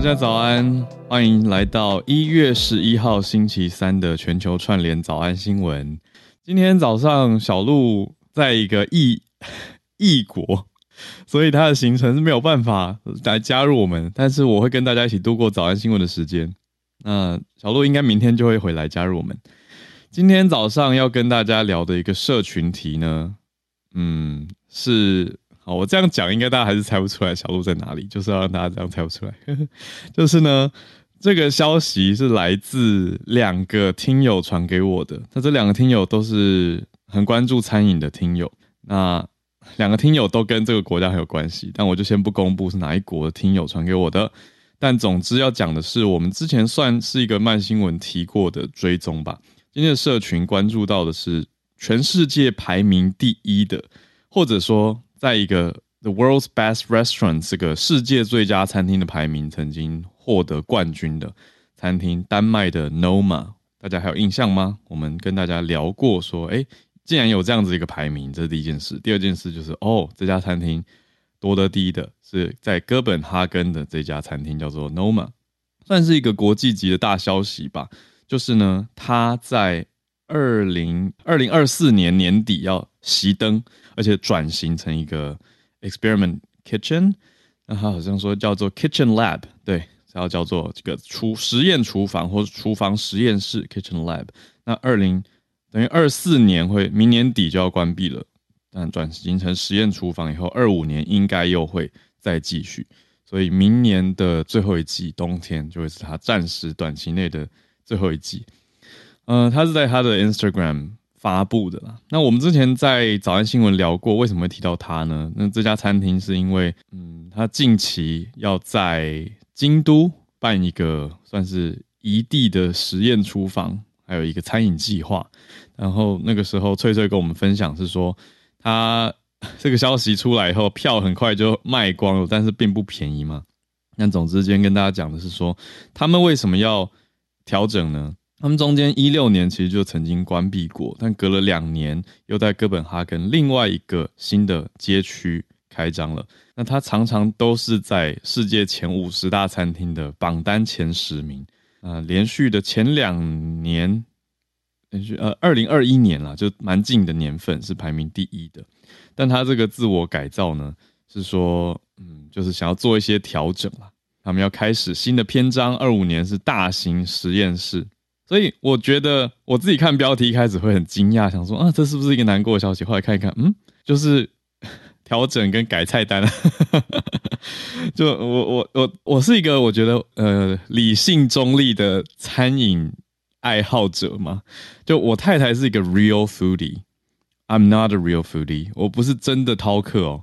大家早安，歡迎來到一月十一號星期三的全球串聯早安新聞。今天早上小鹿在一個異異國，所以他的行程是沒有辦法來加入我們，但是我會跟大家一起度過早安新聞的時間。那小鹿應該明天就會回來加入我們。今天早上要跟大家聊的一個社群題呢，嗯，是。哦，我這樣講，應該大家還是猜不出來小鹿在哪裡，就是要讓大家這樣猜不出來。 就是呢，這個消息是來自兩個聽友傳給我的，那這兩個聽友都是很關注餐飲的聽友，那兩個聽友都跟這個國家很有關係，但我就先不公布是哪一國的聽友傳給我的。但總之要講的是，我們之前算是一個慢新聞提過的追蹤吧。今天的社群關注到的是全世界排名第一的，或者說。在一個 The World's Best Restaurant 這個世界最佳餐廳的排名，曾經獲得冠軍的餐廳——丹麥的 Noma，大家還有印象嗎？我們跟大家聊過說，說哎，竟然有這樣子一個排名，這是第一件事。第二件事就是哦，這家餐廳奪得第一的是在哥本哈根的這家餐廳，叫做 Noma，算是一個國際級的大消息吧。就是呢，它在。二零二零二四年年底要熄燈，而且轉型成一個 experiment kitchen，那他好像說叫做 kitchen lab，對，然後叫做這個廚實驗廚房或廚房實驗室 kitchen lab。那二零等於二四年會明年底就要關閉了，但轉型成實驗廚房以後，二五年應該又會再繼續，所以明年的最後一季冬天就會是他暫時短期內的最後一季。嗯、呃，他是在他的 Instagram 發布的啦。那我們之前在早安新聞聊過，為什麼會提到他呢？那這家餐廳是因為，嗯，他近期要在京都辦一個算是異地的實驗廚房，還有一個餐飲計劃。然後那個時候，翠翠跟我們分享是說，他這個消息出來以後，票很快就賣光了，但是並不便宜嘛。那總之，今天跟大家講的是說，他們為什麼要調整呢？他們中間一六年其實就曾經關閉過，但隔了兩年又在哥本哈根另外一個新的街區開張了。那他常常都是在世界前五十大餐廳的榜單前十名啊，呃，連續的前兩年，連續呃二零二一年啦，就蠻近的年份是排名第一的。但他這個自我改造呢，是說嗯，就是想要做一些調整啦。他們要開始新的篇章，二五年是大型實驗室。所以我覺得我自己看標題一開始會很驚訝，想說啊，這是不是一個難過的消息？後來看一看，嗯，就是調整跟改菜單。 就我我我我是一個我覺得呃理性中立的餐飲愛好者嘛。就我太太是一個 real foodie，I'm not a real foodie，我不是真的饕客哦。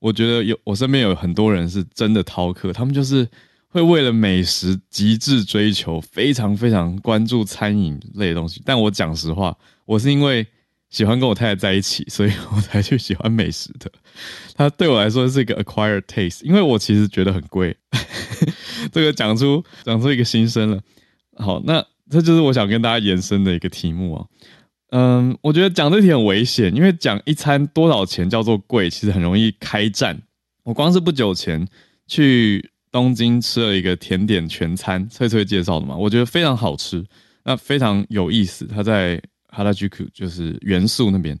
我覺得有我身邊有很多人是真的饕客，他們就是。會為了美食極致追求，非常非常關注餐飲類的東西。但我講實話，我是因為喜歡跟我太太在一起，所以我才去喜歡美食的。它對我來說是一個 acquired taste，因為我其實覺得很貴。 這個講出講出一個心聲了。好，那這就是我想跟大家延伸的一個題目啊。嗯，我覺得講這題很危險，因為講一餐多少錢叫做貴，其實很容易開戰。我光是不久前去。東京吃了一個甜點全餐，翠翠介紹的嘛，我覺得非常好吃，那非常有意思。他在 Harajuku，就是原宿那邊，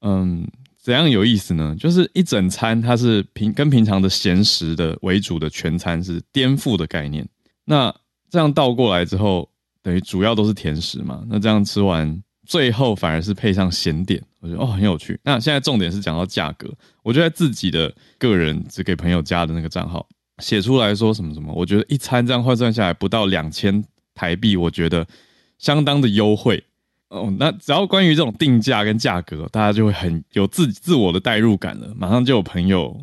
嗯，怎樣有意思呢？就是一整餐它是平跟平常的鹹食的為主的全餐是顛覆的概念。那這樣倒過來之後，等於主要都是甜食嘛。那這樣吃完最後反而是配上鹹點，我覺得哦很有趣。那現在重點是講到價格，我覺得自己的個人只給朋友加的那個賬號。寫出來說什麼什麼，我覺得一餐這樣換算下來不到兩千台幣，我覺得相當的優惠哦。那只要關於這種定價跟價格，大家就會很有自己自我的代入感了。馬上就有朋友，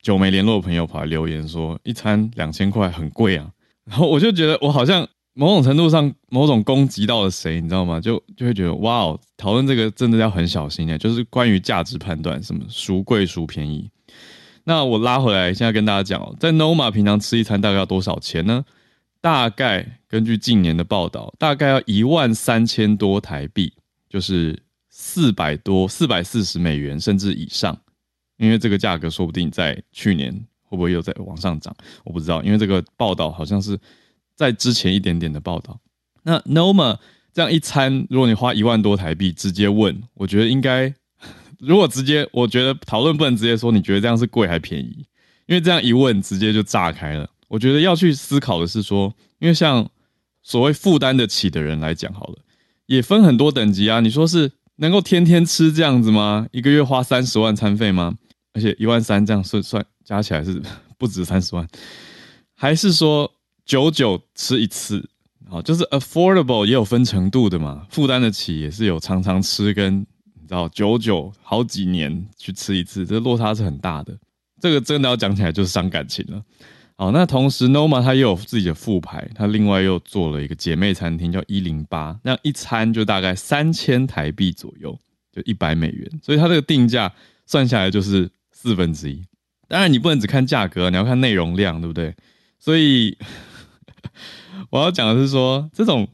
久沒聯絡的朋友跑來留言說，一餐兩千塊很貴啊。然後我就覺得我好像某種程度上某種攻擊到了誰，你知道嗎？就就會覺得哇、哦，討論這個真的要很小心誒，就是關於價值判斷，什麼孰貴孰便宜。那我拉回來，現在跟大家講在 Noma 平常吃一餐大概要多少錢呢？大概根據近年的報道，大概要一萬三千多台幣，就是四百多、四百四十美元甚至以上。因為這個價格說不定在去年會不會又再往上漲，我不知道，因為這個報道好像是在之前一點點的報道。那 Noma 這樣一餐，如果你花一萬多台幣，直接問，我覺得應該。如果直接，我覺得討論不能直接說你覺得這樣是貴還便宜，因為這樣一問直接就炸開了。我覺得要去思考的是說，因為像所謂負擔得起的人來講好了，也分很多等級啊。你說是能夠天天吃這樣子嗎？一個月花三十萬餐費嗎？而且一萬三這樣算算加起來是不止三十萬，還是說久久吃一次好，就是 affordable 也有分程度的嘛，負擔得起也是有常常吃跟。到久久好幾年去吃一次，這落差是很大的。這個真的要講起來就是傷感情了。好，那同時 Noma 它又有自己的副牌，它另外又做了一個姐妹餐廳叫一零八，那一餐就大概三千台幣左右，就一百美元，所以它這個定價算下來就是四分之一。當然你不能只看價格，你要看內容量，對不對？所以 我要講的是說這種。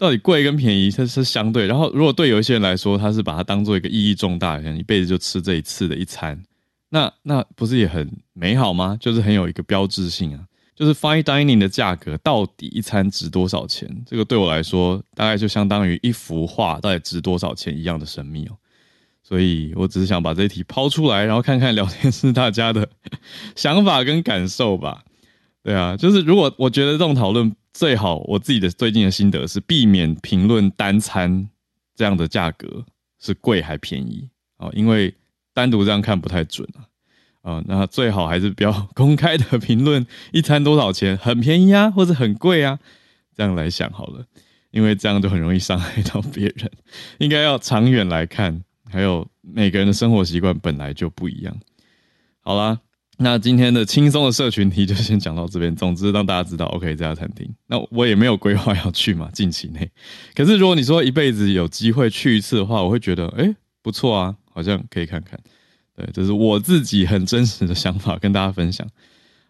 到底貴跟便宜，它是相對。然後，如果對有一些人來說，他是把它當做一個意義重大，可能一輩子就吃這一次的一餐，那那不是也很美好嗎？就是很有一個標誌性啊。就是 fine dining 的價格到底一餐值多少錢？這個對我來說，大概就相當於一幅畫到底值多少錢一樣的神秘哦。所以我只是想把這一題拋出來，然後看看聊天室大家的想法跟感受吧。對啊，就是如果我覺得這種討論。最好我自己的最近的心得是，避免評論單餐這樣的價格是貴還便宜啊，因為單獨這樣看不太準啊。啊，那最好還是不要公開的評論一餐多少錢，很便宜啊，或者很貴啊，這樣來想好了，因為這樣就很容易傷害到別人。應該要長遠來看，還有每個人的生活習慣本來就不一樣。好啦。那今天的輕鬆的社群題就先講到這邊。總之讓大家知道，OK 這家餐廳。那我也沒有規劃要去嘛，近期內。可是如果你說一輩子有機會去一次的話，我會覺得，誒，不錯啊，好像可以看看。對，這是我自己很真實的想法，跟大家分享。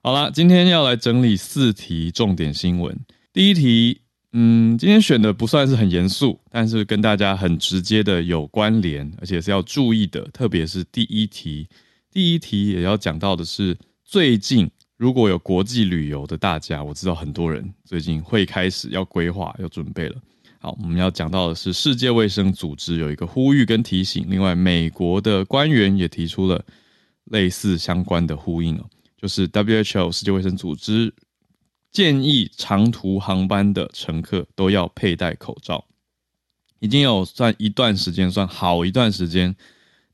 好了，今天要來整理四題重點新聞。第一題，嗯，今天選的不算是很嚴肅，但是跟大家很直接的有關聯，而且是要注意的，特別是第一題。第一題也要講到的是，最近如果有國際旅遊的大家，我知道很多人最近會開始要規劃、要準備了。好，我們要講到的是，世界衛生組織有一個呼籲跟提醒，另外美國的官員也提出了類似相關的呼應哦，就是 WHO 世界衛生組織建議長途航班的乘客都要佩戴口罩。已經有算一段時間，算好一段時間，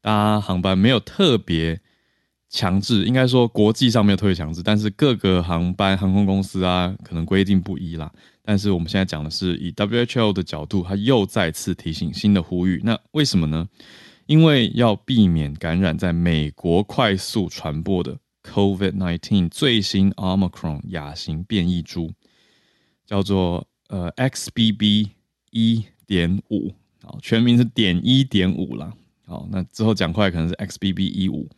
搭航班沒有特別。強制應該說，國際上沒有特別強制，但是各個航班、航空公司啊，可能規定不一啦。但是我們現在講的是以 WHO 的角度，他又再次提醒新的呼籲。那為什麼呢？因為要避免感染在美國快速傳播的 COVID-19 最新 Omicron 亞型變異株，叫做呃 XBB. 一點五，5, 好，全名是點一點五啦。好，那之後講快可能是 XBB. 一五。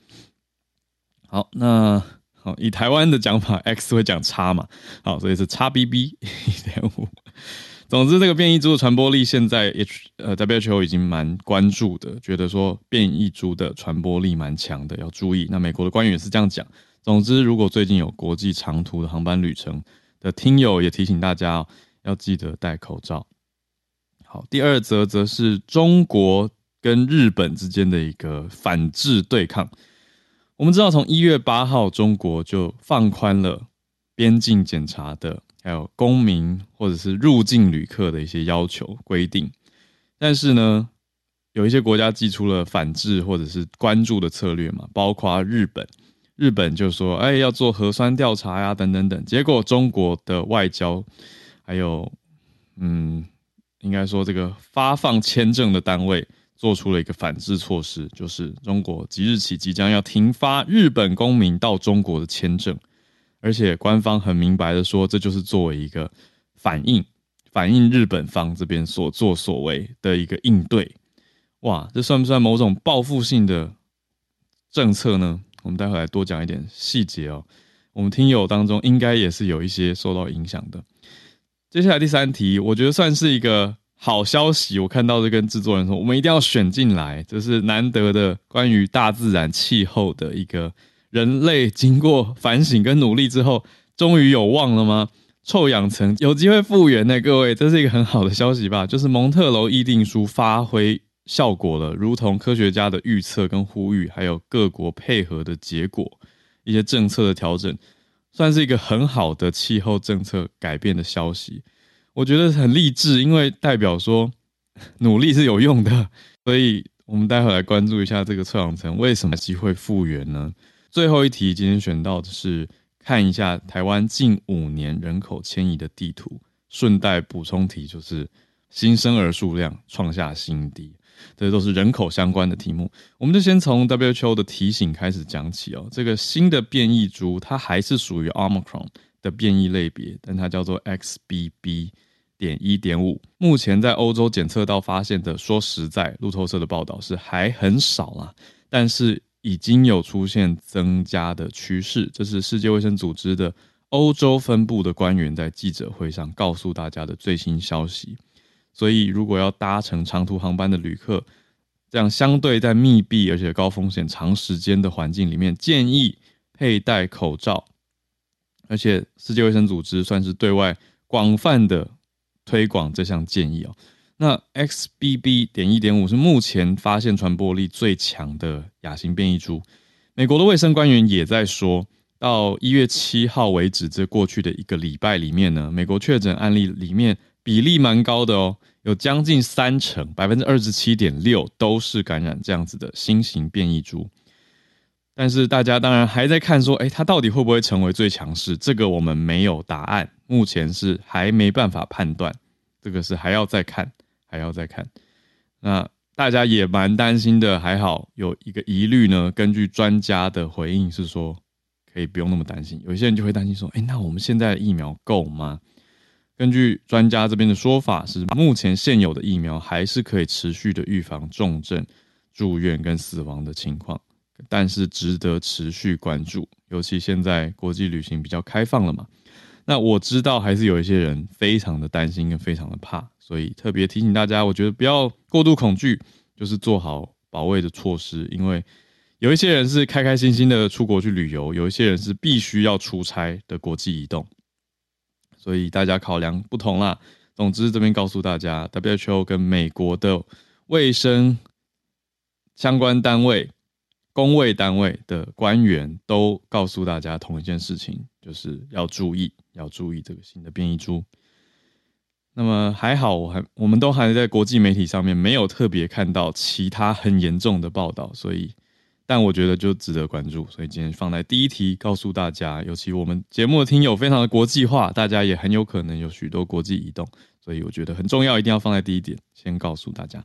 好，那好，以台灣的講法，X 會講叉嘛？好，所以是叉 B B 一點五。總之，這個變異株的傳播力現在 H 呃 W H O 已經蠻關注的，覺得說變異株的傳播力蠻強的，要注意。那美國的官員也是這樣講。總之，如果最近有國際長途的航班旅程的聽友，也提醒大家哦，要記得戴口罩。好，第二則則是中國跟日本之間的一個反制對抗。我們知道，從一月八號，中國就放寬了邊境檢查的，還有公民或者是入境旅客的一些要求規定。但是呢，有一些國家祭出了反制或者是關注的策略嘛，包括日本。日本就說：“哎，要做核酸調查呀、啊，等等等。”結果中國的外交，還有嗯，應該說這個發放簽證的單位。做出了一個反制措施，就是中國即日起即將要停發日本公民到中國的簽證，而且官方很明白的說，這就是作為一個反應，反應日本方這邊所作所為的一個應對。哇，這算不算某種報復性的政策呢？我們待會來多講一點細節哦。我們聽友當中應該也是有一些受到影響的。接下來第三題，我覺得算是一個。好消息！我看到這跟製作人說，我們一定要選進來，這是難得的關於大自然氣候的一個人類經過反省跟努力之後，終於有望了嗎？臭氧層有機會復原呢？欸，各位，這是一個很好的消息吧？就是蒙特婁議定書發揮效果了，如同科學家的預測跟呼籲，還有各國配合的結果，一些政策的調整，算是一個很好的氣候政策改變的消息。我覺得很勵志，因為代表說努力是有用的，所以我們待會來關注一下這個臭氧層為什麼機會復原呢？最後一題今天選到的是看一下台灣近五年人口遷移的地圖，順帶補充題就是新生兒數量創下新低，這些都是人口相關的題目。我們就先從 WHO 的提醒開始講起哦，這個新的變異株它還是屬於 Omicron 的變異類別，但它叫做 XBB。點一點五，目前在歐洲檢測到發現的，說實在，路透社的報道是還很少啊，但是已經有出現增加的趨勢。這是世界衛生組織的歐洲分部的官員在記者會上告訴大家的最新消息。所以，如果要搭乘長途航班的旅客，這樣相對在密閉而且高風險、長時間的環境裡面，建議佩戴口罩。而且，世界衛生組織算是對外廣泛的。推廣這項建議哦。那 XBB.1.5 是目前發現傳播力最強的亞型變異株。美國的衛生官員也在說，到一月七號為止，這過去的一個禮拜裡面呢，美國確診案例裡面比例蠻高的哦，有將近三成，百分之二十七點六都是感染這樣子的新型變異株。但是大家當然還在看，說，誒、欸、它到底會不會成為最強勢？這個我們沒有答案，目前是還沒辦法判斷，這個是還要再看，還要再看。那大家也蠻擔心的，還好有一個疑慮呢。根據專家的回應是說，可以不用那麼擔心。有些人就會擔心說，誒、欸，那我們現在的疫苗夠嗎？根據專家這邊的說法是，目前現有的疫苗還是可以持續的預防重症、住院跟死亡的情況。但是值得持續關注，尤其現在國際旅行比較開放了嘛。那我知道還是有一些人非常的擔心，跟非常的怕，所以特別提醒大家，我覺得不要過度恐懼，就是做好保衛的措施。因為有一些人是開開心心的出國去旅遊，有一些人是必須要出差的國際移動，所以大家考量不同啦。總之，這邊告訴大家，WHO 跟美國的衛生相關單位，公衛單位的官員都告訴大家同一件事情，就是要注意，要注意這個新的變異株。那麼還好，我還我們都還在國際媒體上面沒有特別看到其他很嚴重的報道，所以，但我覺得就值得關注。所以今天放在第一題，告訴大家。尤其我們節目的聽友非常的國際化，大家也很有可能有許多國際移動，所以我覺得很重要，一定要放在第一點，先告訴大家。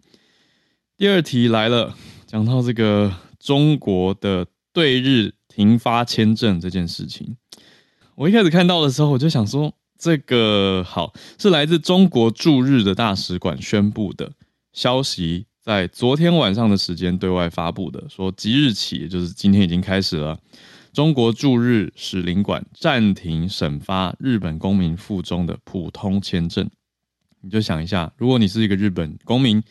第二題來了，講到這個。中國的對日停發簽證這件事情，我一開始看到的時候，我就想說，這個好是來自中國駐日的大使館宣布的消息，在昨天晚上的時間對外發布的，說即日起，也就是今天已經開始了，中國駐日使領館暫停審發日本公民赴中的普通簽證。你就想一下，如果你是一個日本公民，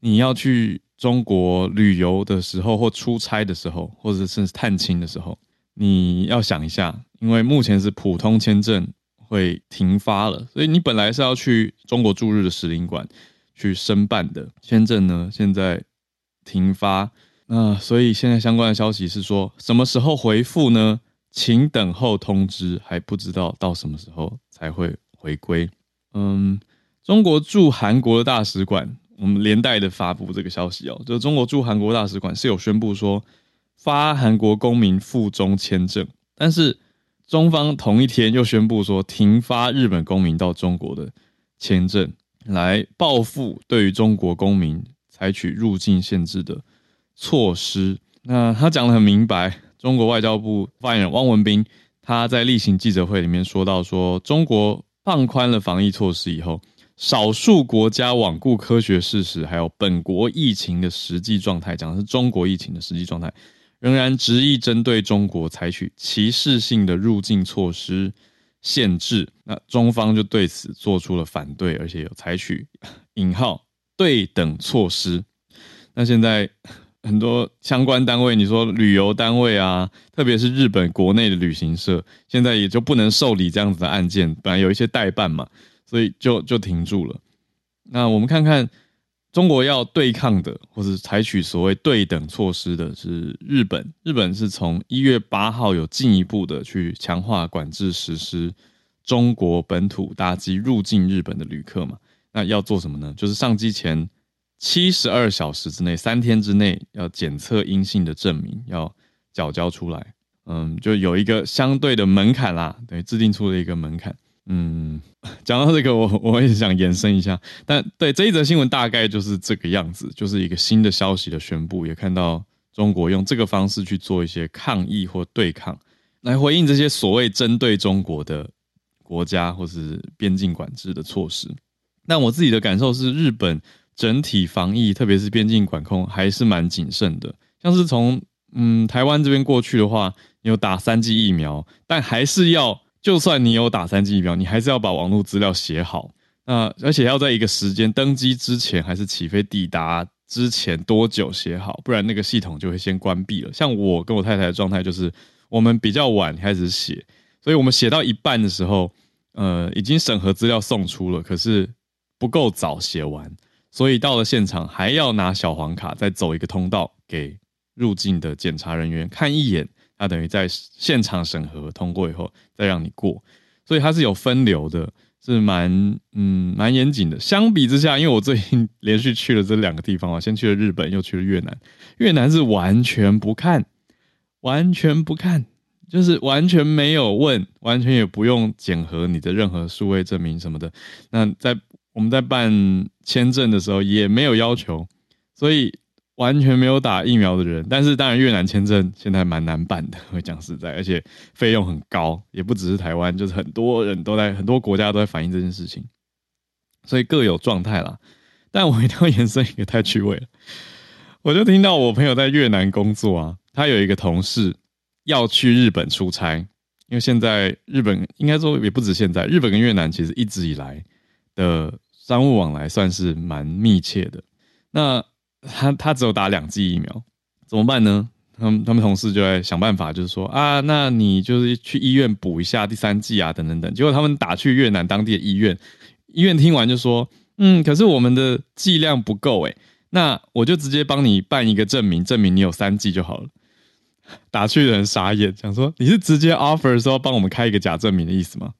你要去中國旅遊的時候，或出差的時候，或者甚至探親的時候，你要想一下，因為目前是普通簽證會停發了，所以你本來是要去中國駐日的使領館去申辦的簽證呢，現在停發。那所以現在相關的消息是說，什麼時候回復呢？請等候通知，還不知道到什麼時候才會回歸。嗯，中國駐韓國的大使館。我們連帶的發布這個消息哦、喔，就中國駐韓國大使館是有宣布說，發韓國公民赴中簽證，但是中方同一天又宣布說停發日本公民到中國的簽證，來報復對於中國公民採取入境限制的措施。那他講得很明白，中國外交部發言人汪文斌他在例行記者會裡面說到，說中國放寬了防疫措施以後。少數國家罔顧科學事實，還有本國疫情的實際狀態，講的是中國疫情的實際狀態，仍然執意針對中國採取歧視性的入境措施限制。那中方就對此做出了反對，而且有採取引號對等措施。那現在很多相關單位，你說旅遊單位啊，特別是日本國內的旅行社，現在也就不能受理這樣子的案件，本來有一些代辦嘛。所以就就停住了。那我們看看，中國要對抗的，或是採取所謂對等措施的是日本。日本是從一月八號有進一步的去強化管制，實施中國本土搭機入境日本的旅客嘛？那要做什麼呢？就是上機前七十二小時之內，三天之內要檢測陰性的證明，要繳交出來。嗯，就有一個相對的門檻啦，對，制定出了一個門檻。嗯，講到這個我，我我也想延伸一下，但對這一則新聞大概就是這個樣子，就是一個新的消息的宣布，也看到中國用這個方式去做一些抗議或對抗，來回應這些所謂針對中國的國家或是邊境管制的措施。但我自己的感受是，日本整體防疫，特別是邊境管控，還是蠻謹慎的。像是從嗯台灣這邊過去的話，你有打三劑疫苗，但還是要。就算你有打三劑疫苗，你還是要把網絡資料寫好。那、呃、而且要在一個時間登機之前，還是起飛抵達之前多久寫好，不然那個系統就會先關閉了。像我跟我太太的狀態就是，我們比較晚開始寫，所以我們寫到一半的時候，呃，已經審核資料送出了，可是不夠早寫完，所以到了現場還要拿小黃卡再走一個通道給入境的檢查人員看一眼。他等於在現場審核通過以後再讓你過，所以它是有分流的，是蠻嗯蠻嚴謹的。相比之下，因為我最近連續去了這兩個地方啊，先去了日本，又去了越南。越南是完全不看，完全不看，就是完全沒有問，完全也不用檢核你的任何數位證明什麼的。那在我們在辦簽證的時候也沒有要求，所以。完全沒有打疫苗的人，但是當然，越南簽證現在蠻難辦的，我講實在，而且費用很高，也不只是台灣，就是很多人都在很多國家都在反映這件事情，所以各有狀態啦。但我一定要延伸，也太趣味了，我就聽到我朋友在越南工作啊，他有一個同事要去日本出差，因為現在日本應該說也不止現在，日本跟越南其實一直以來的商務往來算是蠻密切的，那。他他只有打兩劑疫苗，怎麼辦呢？他們他們同事就在想辦法，就是說啊，那你就是去醫院補一下第三劑啊，等等等。結果他們打去越南當地的醫院，醫院聽完就說，嗯，可是我們的劑量不夠誒，那我就直接幫你辦一個證明，證明你有三劑就好了。打去的人傻眼，想說你是直接 offer 說幫我們開一個假證明的意思嗎？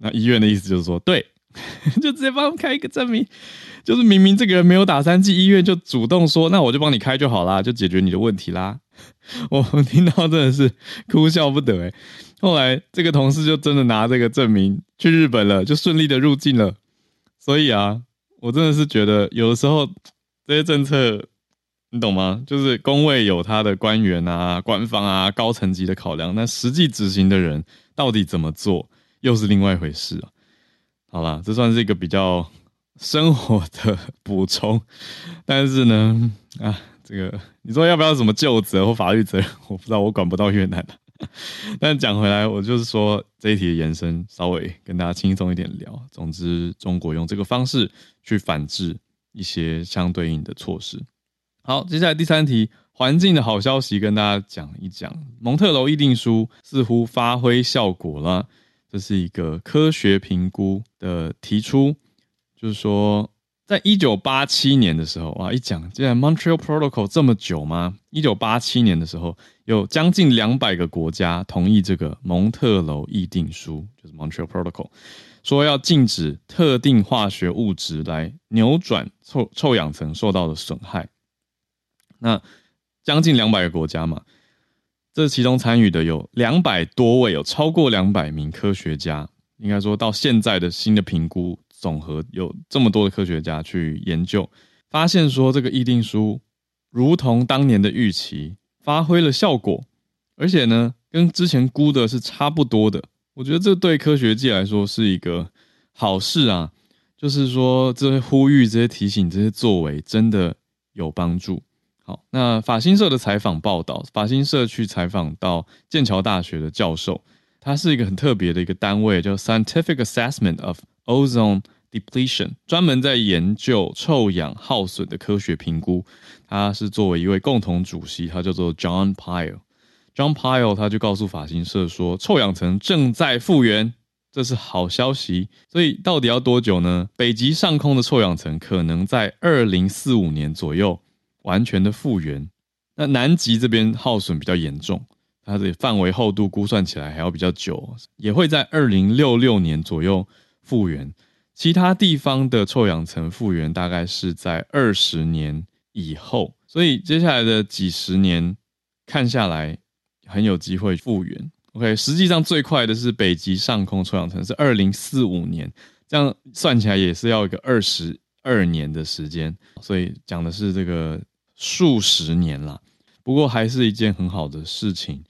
那醫院的意思就是說，對，就直接幫我們開一個證明。就是明明這個人沒有打三劑，醫院就主動說：“那我就幫你開就好啦，就解決你的問題啦。 ”我聽到真的是哭笑不得哎、欸。後來這個同事就真的拿這個證明去日本了，就順利的入境了。所以啊，我真的是覺得有的時候這些政策，你懂嗎？就是公衛有他的官員啊、官方啊、高層級的考量，但實際執行的人到底怎麼做，又是另外一回事、啊、好吧，這算是一個比較，生活的補充，但是呢，啊，這個你說要不要什麼救濟、或法律責任？我不知道，我管不到越南。但講回來，我就是說這一題的延伸，稍微跟大家輕鬆一點聊。總之，中國用這個方式去反制一些相對應的措施。好，接下來第三題，環境的好消息跟大家講一講。蒙特婁議定書似乎發揮效果了，這是一個科學評估的提出。就是說，在一九八七年的時候啊，一講竟然 Montreal Protocol 這麼久嗎？一九八七年的時候，有將近兩百個國家同意這個蒙特婁議定書，就是 Montreal Protocol，說要禁止特定化學物質來扭轉臭臭氧層受到的損害。那將近兩百個國家嘛，這其中參與的有兩百多位，有超過兩百名科學家，應該說到現在的新的評估。總和有這麼多的科學家去研究，發現說，這個議定書如同當年的預期發揮了效果，而且呢，跟之前估的是差不多的。我覺得這對科學界來說是一個好事啊，就是說，這些呼籲、這些提醒、這些作為真的有幫助。好，那法新社的採訪報道法新社去採訪到劍橋大學的教授，他是一個很特別的一個單位，叫 Scientific Assessment of。Ozone depletion 專門在研究臭氧耗損的科學評估，他是作為一位共同主席，他叫做 John Pyle。John Pyle 他就告訴法新社說，臭氧層正在復原，這是好消息。所以到底要多久呢？北極上空的臭氧層可能在二零四五年左右完全的復原。那南極這邊耗損比較嚴重，它的範圍厚度估算起來還要比較久，也會在二零六六年左右復原，其他地方的臭氧層復原大概是在二十年以後，所以接下來的幾十年看下來，很有機會復原。OK，實際上最快的是北極上空臭氧層是二零四五年，這樣算起來也是要一個二十二年的時間，所以講的是這個數十年啦。不過還是一件很好的事情，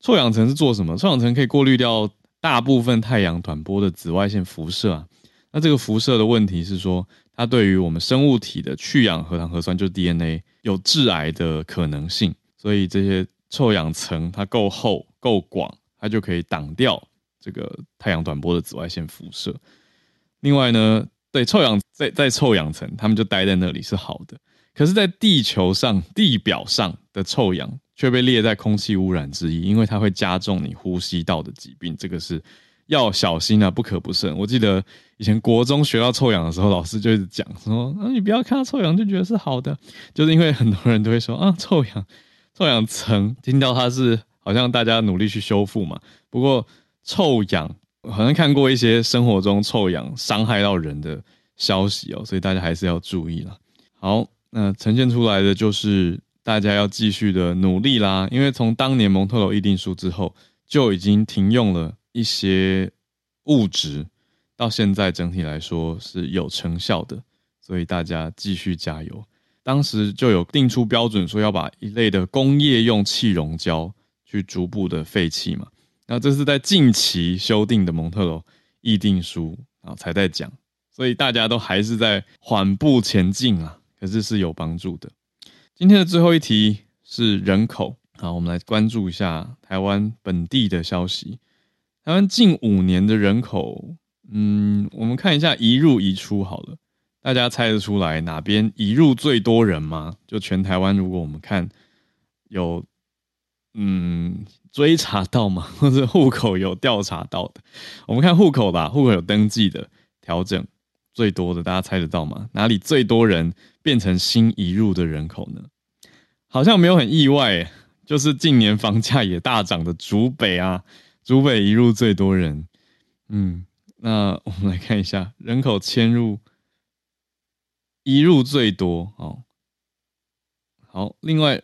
臭氧層是做什麼？臭氧層可以過濾掉。大部分太陽短波的紫外線輻射啊，那這個輻射的問題是說，它對於我們生物體的去氧核糖核酸就是 DNA 有致癌的可能性，所以這些臭氧層它夠厚夠廣，它就可以擋掉這個太陽短波的紫外線輻射。另外呢，對臭氧在在臭氧層，他們就待在那裡是好的。可是，在地球上地表上的臭氧。卻被列在空氣污染之一，因為它會加重你呼吸道的疾病，這個是要小心啊，不可不慎。我記得以前國中學到臭氧的時候，老師就一直講說：啊，你不要看到臭氧就覺得是好的，就是因為很多人都會說啊，臭氧、臭氧層，聽到它是好像大家努力去修復嘛。不過臭氧，我好像看過一些生活中臭氧傷害到人的消息哦，所以大家還是要注意了。好，那呈現出來的就是。大家要繼續的努力啦，因為從當年蒙特婁議定書之後，就已經停用了一些物質，到現在整體來說是有成效的，所以大家繼續加油。當時就有定出標準，說要把一類的工業用氣溶膠去逐步的廢棄嘛。那這是在近期修訂的蒙特婁議定書，啊，才在講，所以大家都還是在緩步前進啊，可是是有幫助的。今天的最後一題是人口，好，我們來關注一下台灣本地的消息。台灣近五年的人口，嗯，我們看一下移入移出好了。大家猜得出來哪邊移入最多人嗎？就全台灣，如果我們看有，嗯，追查到嘛，或者戶口有調查到的，我們看戶口吧，戶口有登記的調整。最多的，大家猜得到嗎？哪裡最多人變成新移入的人口呢？好像沒有很意外耶，就是近年房價也大漲的竹北啊，竹北移入最多人。嗯，那我們來看一下人口遷入移入最多哦。好，另外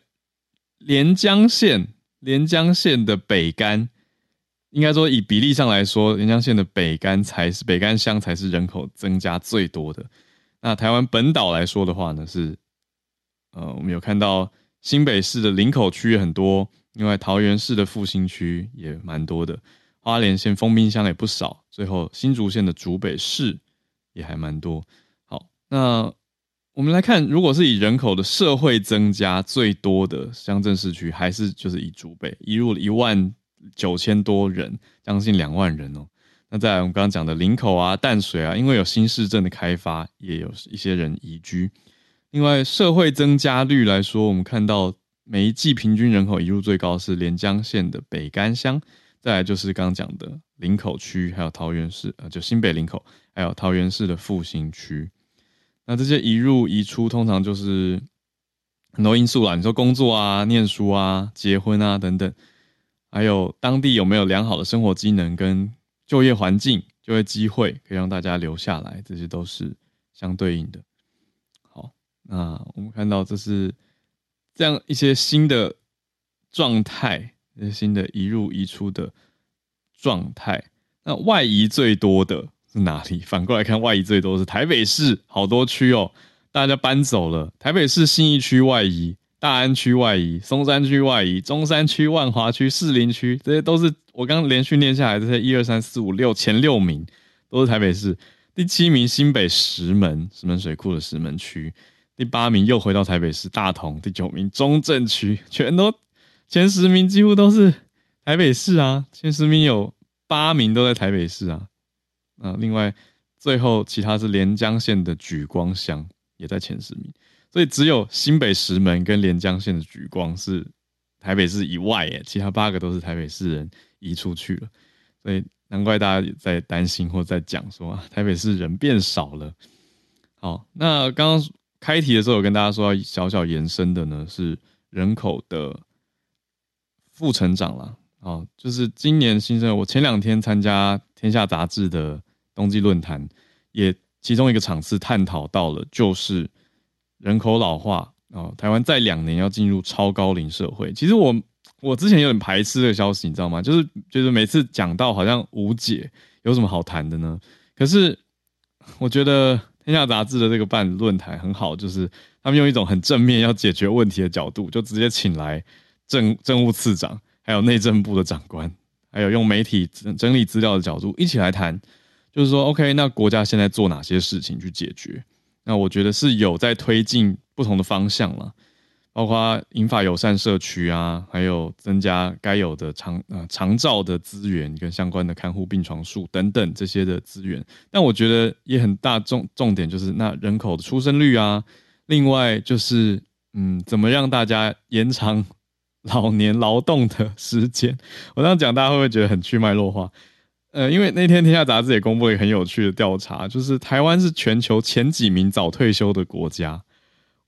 連江縣，連江縣的北竿，應該說，以比例上來說，連江縣的北竿才是北竿鄉才是人口增加最多的。那台灣本島來說的話呢，是呃，我們有看到新北市的林口區也很多，另外桃園市的復興區也蠻多的，花蓮縣豐濱鄉也不少，最後新竹縣的竹北市也還蠻多。好，那我們來看，如果是以人口的社會增加最多的鄉鎮市區，還是就是以竹北移入一萬。九千多人，將近兩萬人哦。那再來，我們剛剛講的林口啊、淡水啊，因為有新市鎮的開發，也有一些人移居。另外，社會增加率來說，我們看到每一季平均人口移入最高是連江縣的北竿鄉，再來就是剛剛講的林口區，還有桃園市啊、呃，就新北林口，還有桃園市的復興區。那這些移入移出，通常就是很多因素啦，你說工作啊、念書啊、結婚啊等等。還有當地有沒有良好的生活機能跟就業環境、就業機會，可以讓大家留下來，這些都是相對應的。好，那我們看到這是這樣一些新的狀態，一些新的移入移出的狀態。那外移最多的是哪裡？反過來看，外移最多是台北市好多區哦，大家搬走了，台北市信義區外移。大安區外移，松山區外移，中山區、萬華區、士林區，這些都是我剛剛連續念下來，這些一二三四五六前六名都是台北市。第七名新北石門，石門水庫的石門區。第八名又回到台北市大同。第九名中正區，全都前十名幾乎都是台北市啊！前十名有八名都在台北市啊！啊，另外最後其他是連江縣的莒光鄉，也在前十名。所以只有新北石門跟連江縣的莒光是台北市以外，哎，其他八個都是台北市人移出去了。所以難怪大家也在擔心或在講說，台北市人變少了。好，那剛剛開題的時候，我跟大家說要小小延伸的呢，是人口的負成長了。哦，就是今年新生，我前兩天參加《天下雜誌》的冬季論壇，也其中一個場次探討到了，就是。人口老化，哦，台灣再兩年要進入超高齡社會。其實我我之前有點排斥這個消息，你知道嗎？就是就是每次講到好像無解，有什麼好談的呢？可是我覺得《天下雜誌》的這個辦論壇很好，就是他們用一種很正面要解決問題的角度，就直接請來政政務次長，還有內政部的長官，還有用媒體整整理資料的角度一起來談，就是說，OK，那國家現在做哪些事情去解決？那我覺得是有在推進不同的方向了，包括銀髮友善社區啊，還有增加該有的長呃長照的資源跟相關的看護病床數等等，這些的資源。但我覺得也很大重重點就是那人口的出生率啊，另外就是嗯，怎麼讓大家延長老年勞動的時間？我這樣講大家會不會覺得很去脈絡化？呃，因為那天天下雜誌也公布了一個很有趣的調查，就是台灣是全球前幾名早退休的國家，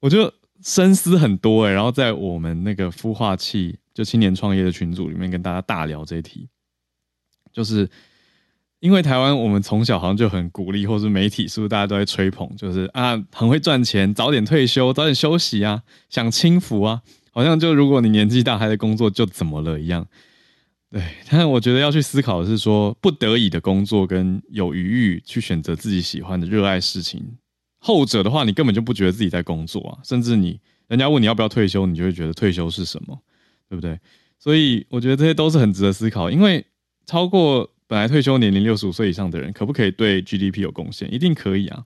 我就深思很多誒、欸、然後在我們那個孵化器就青年創業的群組裡面跟大家大聊這一題，就是因為台灣我們從小好像就很鼓勵，或是媒體是不是大家都在吹捧，就是啊很會賺錢，早點退休，早點休息啊，享清福啊，好像就如果你年紀大還在工作就怎麼了一樣。對，但是我覺得要去思考的是說，不得已的工作跟有餘裕去選擇自己喜歡的熱愛事情，後者的話，你根本就不覺得自己在工作啊，甚至你人家問你要不要退休，你就會覺得退休是什麼，對不對？所以我覺得這些都是很值得思考，因為超過本來退休年齡六十五歲以上的人，可不可以對 GDP 有貢獻？一定可以啊。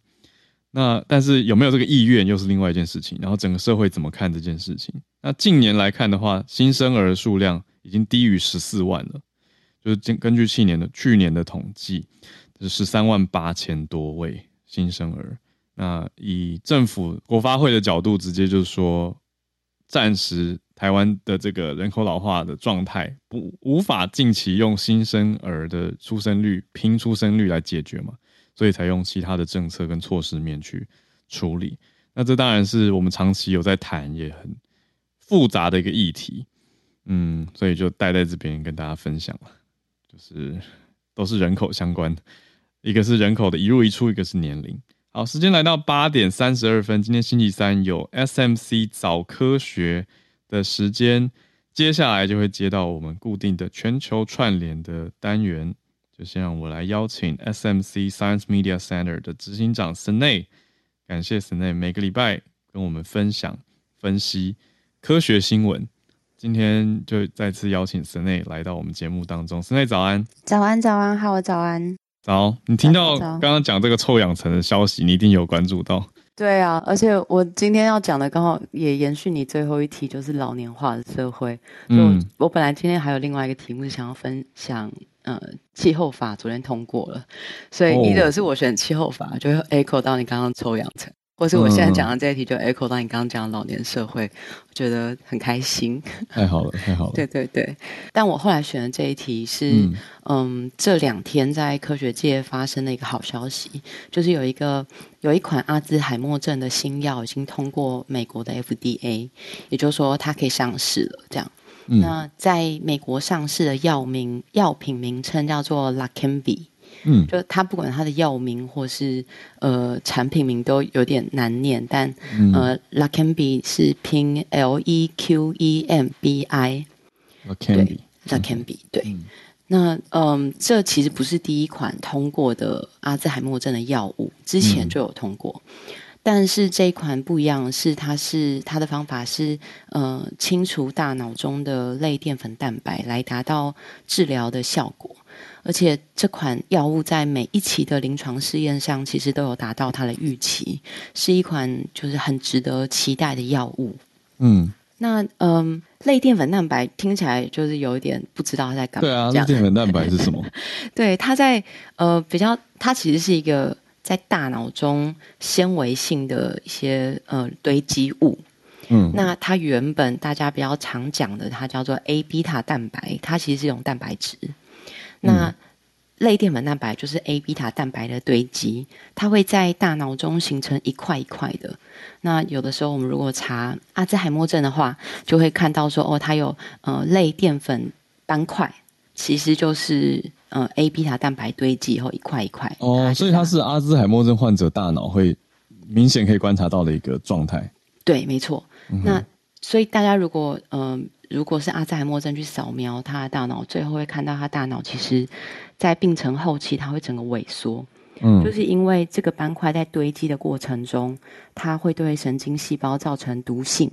那但是有沒有這個意願，又是另外一件事情。然後整個社會怎麼看這件事情？那近年來看的話，新生兒的數量。已經低於十四萬了，就是根根據去年的去年的統計，就是十三萬八千多位新生兒。那以政府國發會的角度，直接就是說，暫時台灣的這個人口老化的狀態，不無法近期用新生兒的出生率拼出生率來解決嘛？所以才用其他的政策跟措施面去處理。那這當然是我們長期有在談，也很複雜的一個議題。嗯，所以就帶在這邊跟大家分享了，就是都是人口相關的，一個是人口的一入一出，一個是年齡。好，時間來到八點三十二分，今天星期三有 S M C 早科學的時間，接下來就會接到我們固定的全球串聯的單元，就先讓我來邀請 S M C Science Media Center 的執行長 Senei，感謝 Senei 每個禮拜跟我們分享分析科學新聞。今天就再次邀請神內來到我們節目當中。神內早安。早安早安，好，我早安。早，你聽到剛剛講這個臭氧層的消息，你一定有關注到。對啊，而且我今天要講的剛好也延續你最後一題，就是老年化的社會。嗯，我本來今天還有另外一個題目是想要分享，呃，氣候法昨天通過了，所以一、oh. 的是我選氣候法，就會 echo 到你剛剛臭氧層。或是我現在講的這一題就 echo 到你剛剛講的老年社會，我覺得很開心。太好了，太好了。 對對對，但我後來選的這一題是嗯，嗯，這兩天在科學界發生的一個好消息，就是有一個有一款阿茲海默症的新藥已經通過美國的 FDA，也就是說它可以上市了。這樣，嗯、那在美國上市的藥名藥品名稱叫做 Leqembi 嗯，就它不管它的藥名或是呃產品名都有點難念，但、嗯、呃、Lacembi 是拼 L-E-Q-E-M-B-I，對，Lacembi、嗯、對。那嗯、呃，這其實不是第一款通過的阿茲海默症的藥物，之前就有通過，嗯、但是這一款不一樣，是它是它的方法是呃清除大腦中的類澱粉蛋白來達到治療的效果。而且這款藥物在每一期的臨床試驗上，其實都有達到它的預期，是一款就是很值得期待的藥物。嗯，那嗯、呃，類澱粉蛋白聽起來就是有一點不知道它在幹嘛。對啊，類澱粉蛋白是什麼？ 對，它在呃比較，它其實是一個在大腦中纖維性的一些呃堆積物。嗯，那它原本大家比較常講的，它叫做 Aβ 蛋白，它其實是一種蛋白質。那類澱粉蛋白就是 Aβ 蛋白的堆積，它會在大腦中形成一塊一塊的。那有的時候我們如果查阿茲海默症的話，就會看到說哦，它有呃類澱粉斑塊，其實就是呃 Aβ 蛋白堆積以後一塊一塊。哦，所以它是阿茲海默症患者大腦會明顯可以觀察到的一個狀態。對，沒錯。那、嗯所以大家如果嗯、呃，如果是阿茲海默症去掃描他的大腦，最後會看到他大腦其實，在病程後期，他會整個萎縮，嗯，就是因為這個斑塊在堆積的過程中，它會對神經細胞造成毒性，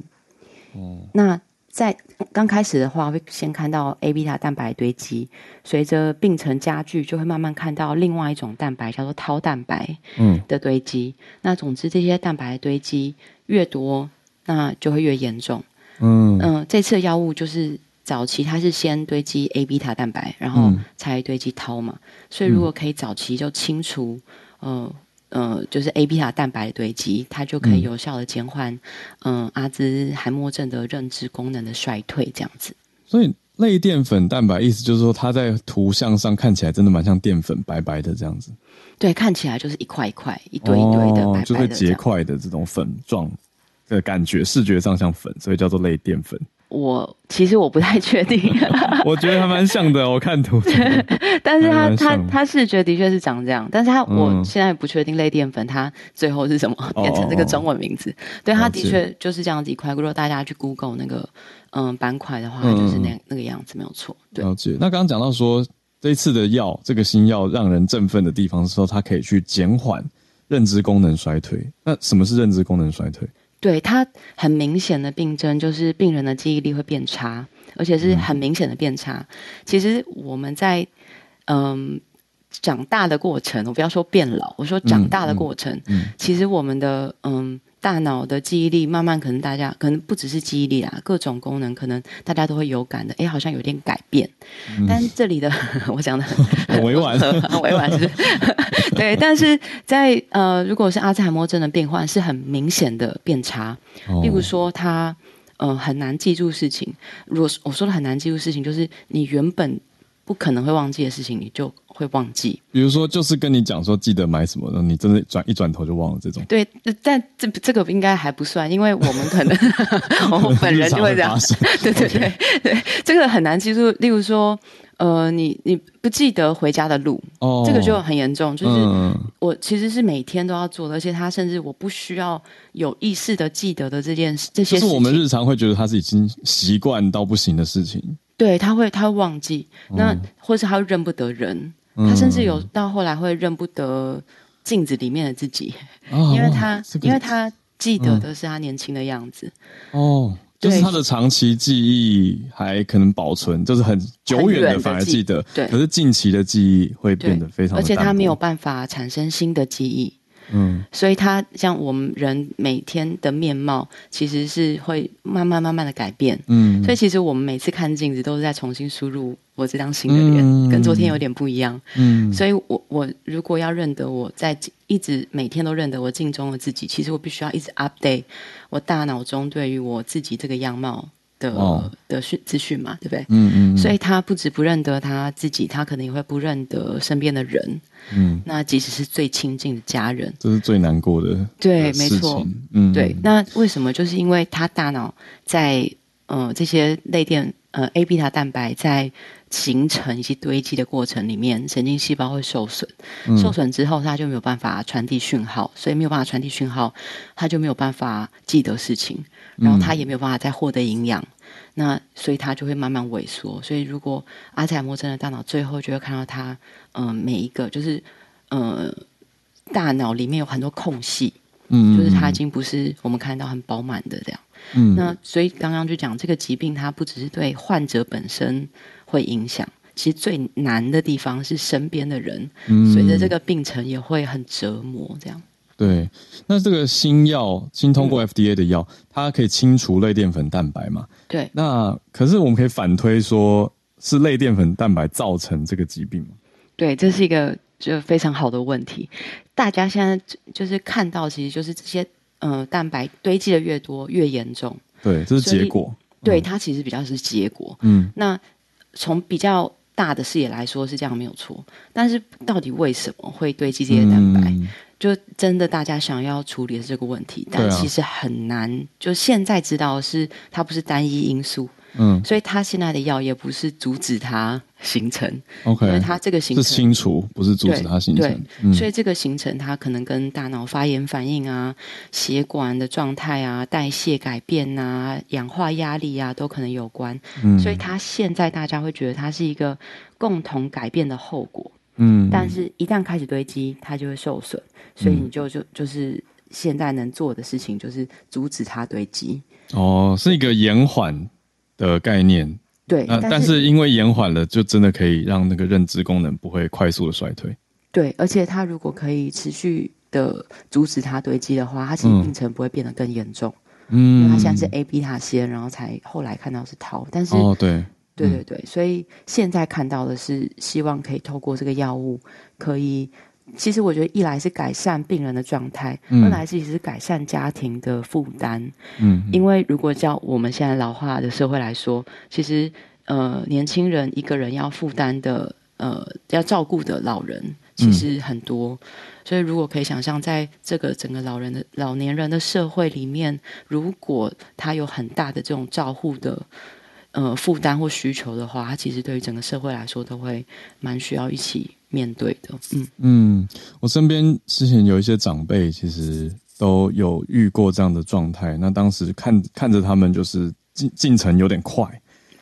哦、嗯，那在剛開始的話，會先看到 Aβ 蛋白堆積，隨着病程加劇，就會慢慢看到另外一種蛋白叫做 Tau 蛋白，嗯，的堆積。嗯、那總之，這些蛋白的堆積越多。那就會越嚴重。嗯嗯、呃，這次的藥物就是早期，它是先堆積 Aβ 塔蛋白，然後才堆積 Tau 嘛、嗯。所以如果可以早期就清除，呃呃，就是 Aβ 塔蛋白的堆積，它就可以有效的減緩，嗯，呃、阿茲海默症的認知功能的衰退這樣子。所以類澱粉蛋白意思就是說，它在圖像上看起來真的蠻像澱粉白白的這樣子。對，看起來就是一塊一塊、一堆一堆的，白白的、哦，就是結塊的這種粉狀。的感覺，視覺上像粉，所以叫做類澱粉。我其實我不太確定， 我覺得還蠻像的。我看圖， 但是他他他視覺的確是長這樣，但是他、嗯、我現在不確定類澱粉它最後是什麼變成這個中文名字。哦哦哦對，他的確就是這樣子一塊。如果大家去 Google 那個嗯斑塊的話，就是那、嗯、那個樣子沒有錯。了解。那剛剛講到說這一次的藥，這個新藥讓人振奮的地方是說它可以去減緩認知功能衰退。那什麼是認知功能衰退？對，它很明顯的病症就是病人的記憶力會變差，而且是很明顯的變差。嗯、其實我們在嗯、呃、長大的過程，我不要說變老，我說長大的過程，嗯嗯、其實我們的嗯、呃、大腦的記憶力慢慢可能大家可能不只是記憶力啊，各種功能可能大家都會有感的，哎，好像有點改變。嗯、但這裡的我講的很 很委微婉玩， 很委婉是，是。對，但是在呃，如果是阿茲海默症的變換是很明顯的變差，比如說他呃很難記住事情。如果我說的很難記住事情，就是你原本。不可能會忘記的事情，你就會忘記。比如說，就是跟你講說記得買什麼，你真的一轉一轉頭就忘了這種。對，但這這個應該還不算，因為我們可能 我本人就會這樣。 對對對，對、Okay. 對，這個很難記住。例如說，呃，你你不記得回家的路，Oh, 這個就很嚴重。就是我其實是每天都要做的，而且他甚至我不需要有意識的記得的這件事。這、就、些是我們日常會覺得他是已經習慣到不行的事情。對，他會，他會忘記、嗯，那，或是他會認不得人、嗯，他甚至有到後來會認不得鏡子裡面的自己，哦、因為他、哦這個，因為他記得的是他年輕的樣子，哦，就是他的長期記憶還可能保存，嗯、就是很久遠的，遠的反而記得，對、嗯，可是近期的記憶會變得非常的，而且他沒有辦法產生新的記憶。嗯，所以它像我們人每天的面貌，其實是會慢慢慢慢的改變。嗯，所以其實我們每次看鏡子，都是在重新輸入我這張新的臉，嗯，跟昨天有點不一樣。嗯，所以我我如果要認得我，在一直每天都認得我鏡中的自己，其實我必須要一直 update 我大腦中對於我自己這個樣貌。哦、的的訊資訊嘛，對不對？嗯嗯，嗯，所以他不只不認得他自己，他可能也會不認得身邊的人。嗯，那即使是最親近的家人，這是最難過的。對，呃、沒錯。嗯，嗯，對。那為什麼？就是因為他大腦在呃這些類電呃 A beta 蛋白在。形成以及堆積的過程裡面，神經細胞會受損。受損之後，它就沒有辦法傳遞訊號、嗯，所以沒有辦法傳遞訊號，它就沒有辦法記得事情。然後它也沒有辦法再獲得營養、嗯，那所以它就會慢慢萎縮。所以如果阿茲海默症的大腦，最後就會看到它，嗯、呃，每一個就是嗯、呃，大腦裡面有很多空隙，嗯，嗯，嗯，就是它已經不是我們看到很飽滿的這樣。嗯，嗯，那所以剛剛就講這個疾病，它不只是對患者本身，會影響，其實最難的地方是身邊的人，嗯、隨着這個病程也會很折磨，這樣。對，那這個新藥，新通過 FDA 的藥，它可以清除類澱粉蛋白嘛？對。那可是我們可以反推說，說是類澱粉蛋白造成這個疾病嗎？對，這是一個就非常好的問題。大家現在就是看到，其實就是這些呃蛋白堆積的越多越嚴重，對，這是結果。對、嗯、它其實比較是結果，嗯，那，從比較大的視野來說是這樣沒有錯，但是到底為什麼會堆積這些蛋白，嗯，就真的大家想要處理的這個問題，但其實很難。啊，就現在知道的是它不是單一因素。嗯，所以它現在的藥也不是阻止它形成，OK，因為它這個形成是清除，不是阻止它形成。所以這個形成它可能跟大腦發炎反應啊、血管的狀態啊、代謝改變啊、氧化壓力啊都可能有關。嗯，所以它現在大家會覺得它是一個共同改變的後果。嗯，嗯，但是一旦開始堆積，它就會受損。所以你就就、嗯、就是現在能做的事情就是阻止它堆積。哦，是一個延緩。的概念，對但，但是因為延緩了，就真的可以讓那個認知功能不會快速的衰退。對，而且它如果可以持續的阻止它堆積的話，它其實病程不會變得更嚴重。嗯，因為它現在是 A B 它先，然後才後來看到是陶，但是哦，對，對對對，嗯，所以現在看到的是希望可以透過這個藥物可以。其實我覺得，一來是改善病人的狀態，二、嗯、來自己是改善家庭的負擔。嗯，嗯，因為如果叫我們現在老化的社會來說，其實呃，年輕人一個人要負擔的呃，要照顧的老人其實很多。嗯、所以如果可以想象，在這個整個老人的老年人的社會裡面，如果他有很大的這種照護的呃負擔或需求的話，他其實對於整個社會來說都會蠻需要一起面對的，嗯嗯，我身邊之前有一些長輩，其實都有遇過這樣的狀態。那當時看看着他們，就是進進程有點快，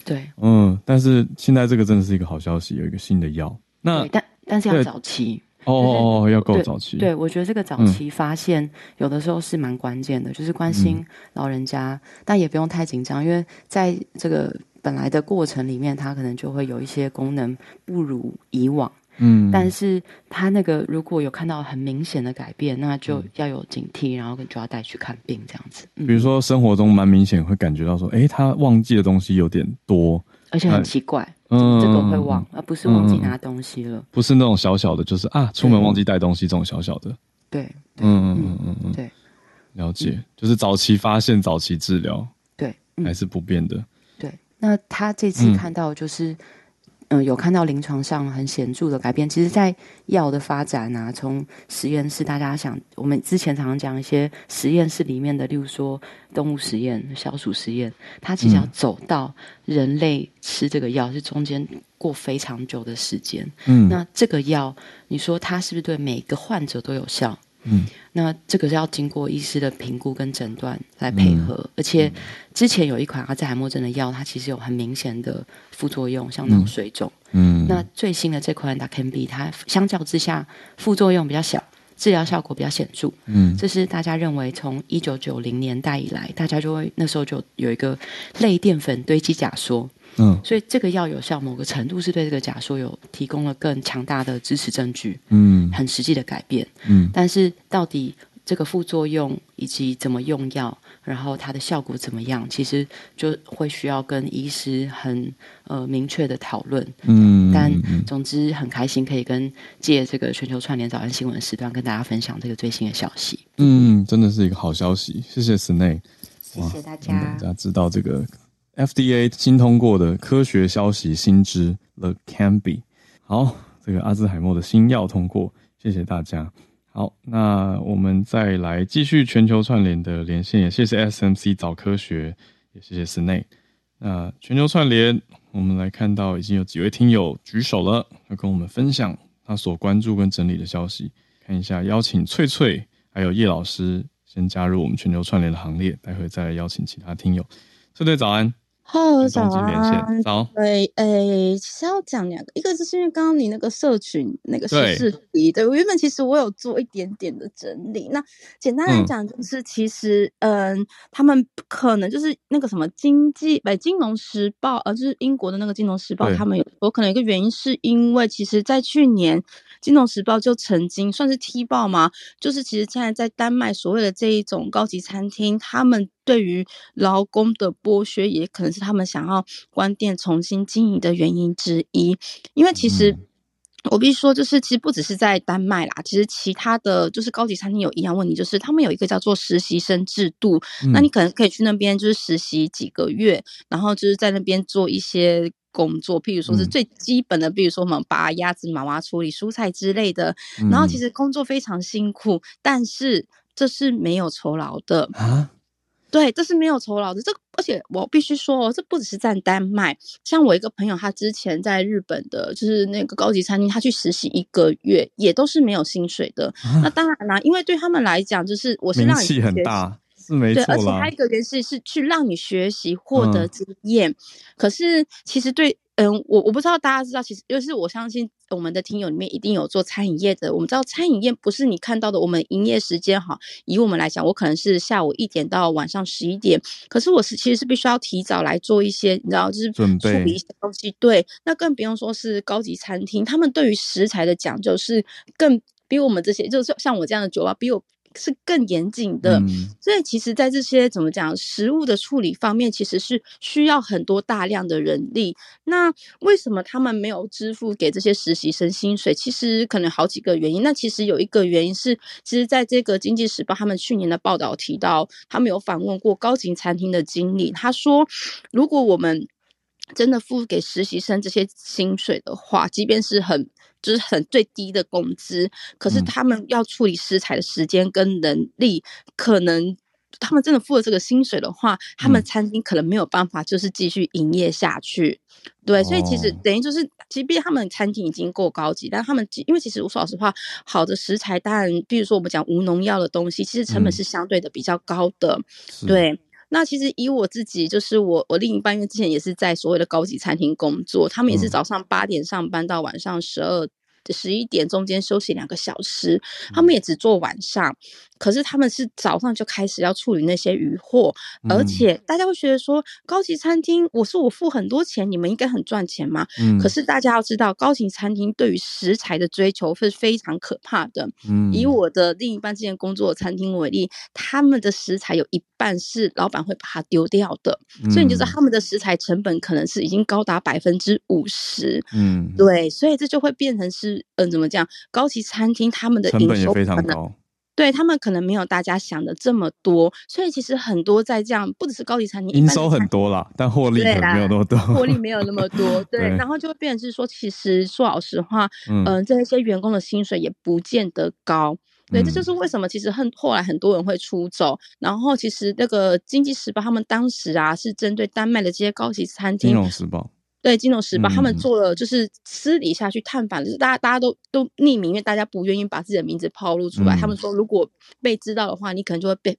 對，嗯，但是現在這個真的是一個好消息，有一個新的藥。那但但是要早期、就是、哦哦哦，要夠早期對。對，我覺得這個早期發現有的時候是蠻關鍵的，嗯、就是關心老人家、嗯，但也不用太緊張，因為在這個本來的過程裡面，他可能就會有一些功能不如以往。嗯，但是他那個如果有看到很明顯的改變，那就要有警惕，然後就要帶去看病這樣子。嗯、比如說生活中蠻明顯會感覺到說，哎、欸，他忘記的東西有點多，而且很奇怪，嗯，這個會忘，而、嗯啊、不是忘記拿東西了，不是那種小小的，就是啊，出門忘記帶東西這種小小的。對，對嗯嗯嗯嗯，對，了解、嗯，就是早期發現，早期治療，對，還是不變的。對，那他這次看到就是。嗯嗯，有看到臨床上很顯著的改變。其實，在藥的發展啊，從實驗室，大家想，我們之前常常講一些實驗室裡面的，例如說動物實驗、小鼠實驗，它其實要走到人類吃這個藥，是中間過非常久的時間。嗯，那這個藥，你說它是不是對每個患者都有效？嗯，那這個是要經過醫師的評估跟診斷來配合，嗯，而且之前有一款阿茲海默症的藥，它其實有很明顯的副作用，像腦水腫。嗯，嗯，那最新的這款達可比，它相較之下副作用比較小，治療效果比較顯著。嗯，這是大家認為從一九九零年代以來，大家就會那時候就有一個類澱粉堆積假說。嗯、哦，所以這個藥有效，某個程度是對這個假說有提供了更強大的支持證據。嗯，很實際的改變。嗯，但是到底這個副作用以及怎麼用藥，然後它的效果怎麼樣，其實就會需要跟醫師很呃明確的討論。嗯，但總之很開心可以跟借這個全球串聯早安新聞時段跟大家分享這個最新的消息。嗯，真的是一個好消息，謝謝 snay 謝謝大家，讓大家知道這個。FDA 新通過的科學消息新知 The Cambi，好，這個阿茲海默的新藥通過，謝謝大家。好，那我們再來繼續全球串聯的連線，也謝謝 SMC 早科學，也謝謝 Snae。那全球串聯，我們來看到已經有幾位聽友舉手了，要跟我們分享他所關注跟整理的消息。看一下，邀請翠翠還有葉老師先加入我們全球串聯的行列，待會再來邀請其他聽友。翠翠早安。好、哦、早安，早。哎哎，實、欸、要講兩個，一個就是因為剛剛你那個社群那個視頻，對，我原本其實我有做一點點的整理。那簡單來講，就是其實嗯，嗯，他們可能就是那個什麼經濟，哎，金融時報，呃、啊，就是英國的那個金融時報，他們有，有可能一個原因是因為，其實，在去年金融時報就曾經算是踢爆嘛，就是其實現在在丹麥所謂的這一種高級餐廳，他們。對於勞工的剝削，也可能是他們想要關店重新經營的原因之一。因為其實我必須說，就是其實不只是在丹麥啦，其實其他的就是高級餐廳有一樣問題，就是他們有一個叫做實習生制度。那你可能可以去那邊就是實習幾個月，然後就是在那邊做一些工作，譬如說是最基本的，譬如說我們拔鴨子毛啊、處理蔬菜之類的。然後其實工作非常辛苦，但是這是沒有酬勞的啊。對，這是沒有酬勞的。這個、而且我必須說、哦，這不只是在丹麥，像我一個朋友，他之前在日本的，就是那個高級餐廳，他去實習一個月，也都是沒有薪水的。啊，那當然啦，因為對他們來講，就是我是讓你名氣很大，是沒錯啦。對，而且他一個件事是是去讓你學習獲得經驗、嗯，可是其實對。嗯，我我不知道大家知道，其實就是我相信我們的聽友裡面一定有做餐飲業的。我們知道餐飲業不是你看到的，我們營業時間哈，以我們來講，我可能是下午一點到晚上十一點，可是我是其實是必須要提早來做一些，你知道就是準備一些東西。對，那更不用說是高級餐廳，他們對於食材的講究是更比我們這些，就是像我這樣的酒吧，比我。是更嚴謹的，所以其實，在這些怎麼講食物的處理方面，其實是需要很多大量的人力。那為什麼他們沒有支付給這些實習生薪水？其實可能好幾個原因。那其實有一個原因是，其實在這個《經濟時報》他們去年的報道提到，他們有訪問過高級餐廳的經理，他說，如果我們。真的付給實習生這些薪水的話，即便是很就是很最低的工資，可是他們要處理食材的時間跟能力，嗯、可能他們真的付了這個薪水的話，嗯、他們餐廳可能沒有辦法就是繼續營業下去。嗯、對，所以其實等於就是，哦、即便他們餐廳已經夠高級，但他們因為其實我說老實話，好的食材，當然，比如說我們講無農藥的東西，其實成本是相對的比較高的，嗯、對。那其實以我自己，就是我我另一半，因為之前也是在所謂的高級餐廳工作，他們也是早上八點上班到晚上十二、嗯、十一點中間休息兩個小時、嗯，他們也只做晚上。可是他們是早上就開始要處理那些魚貨、嗯，而且大家會覺得說，高級餐廳，我說我付很多錢，你們應該很賺錢嘛、嗯。可是大家要知道，高級餐廳對於食材的追求是非常可怕的、嗯。以我的另一半之前工作的餐廳為例，他們的食材有一半是老闆會把它丟掉的、嗯，所以你就說他們的食材成本可能是已經高達百分之五十。嗯。對，所以這就會變成是，嗯、呃，怎麼講？高級餐廳他們的營收成本也非常高。對，他們可能沒有大家想的這麼多，所以其實很多在這樣，不只是高級餐廳，營收很多啦，但獲利，利沒有那麼多，獲利沒有那麼多，對，然後就會變成是說，其實說老實話，嗯、呃，這些員工的薪水也不見得高，嗯、對，這就是為什麼其實很後來很多人會出走，然後其實那個《經濟時報》他們當時啊是針對丹麥的這些高級餐廳，《金融時報》對，金龍十八，他們做了就是私底下去探訪、嗯，就是大家大家都都匿名，因為大家不願意把自己的名字暴露出來。嗯、他們說，如果被知道的話，你可能就會被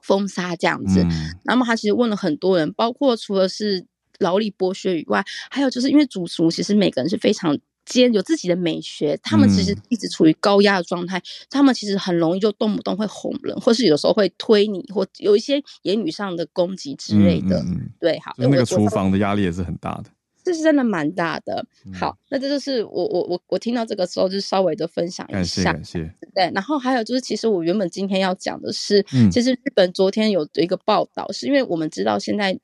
封殺這樣子。那、嗯、麼他其實問了很多人，包括除了是勞力剝削以外，還有就是因為主廚其實每個人是非常堅，有自己的美學，他們其實一直處於高壓的狀態、嗯，他們其實很容易就動不動會鬨人，或是有時候會推你，或有一些言語上的攻擊之類的、嗯嗯。對，好。那、就是、那個廚房的壓力也是很大的。這是真的蠻大的，好，那這就是我我我我聽到這個時候就稍微的分享一下，感、嗯、對，然後還有就是，其實我原本今天要講的是、嗯，其實日本昨天有一個報道，是因為我們知道現在，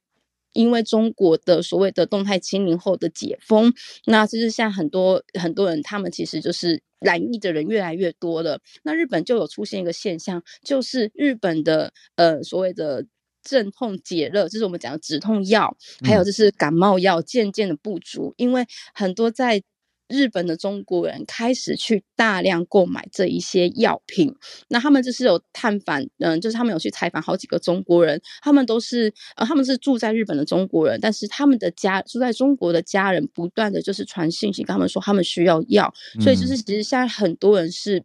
因為中國的所謂的動態清零後的解封，那就是像很多很多人，他們其實就是染疫的人越來越多了，那日本就有出現一個現象，就是日本的呃所謂的。鎮痛解熱，就是我們講的止痛藥，還有就是感冒藥漸漸的不足，因為很多在日本的中國人開始去大量購買這一些藥品。那他們就是有探訪，嗯，就是他們有去採訪好幾個中國人，他們都是呃他們是住在日本的中國人，但是他們的家住在中國的家人不斷的就是傳信息跟他們說他們需要藥，所以就是其實現在很多人是。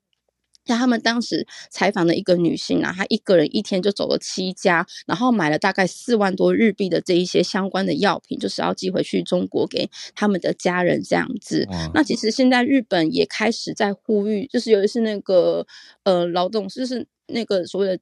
像他們當時採訪的一個女性啊，她一個人一天就走了七家，然後買了大概四萬多日幣的這一些相關的藥品，就是要寄回去中國給他們的家人這樣子。哦、那其實現在日本也開始在呼籲，就是尤其是那個呃勞動，就是那個所謂的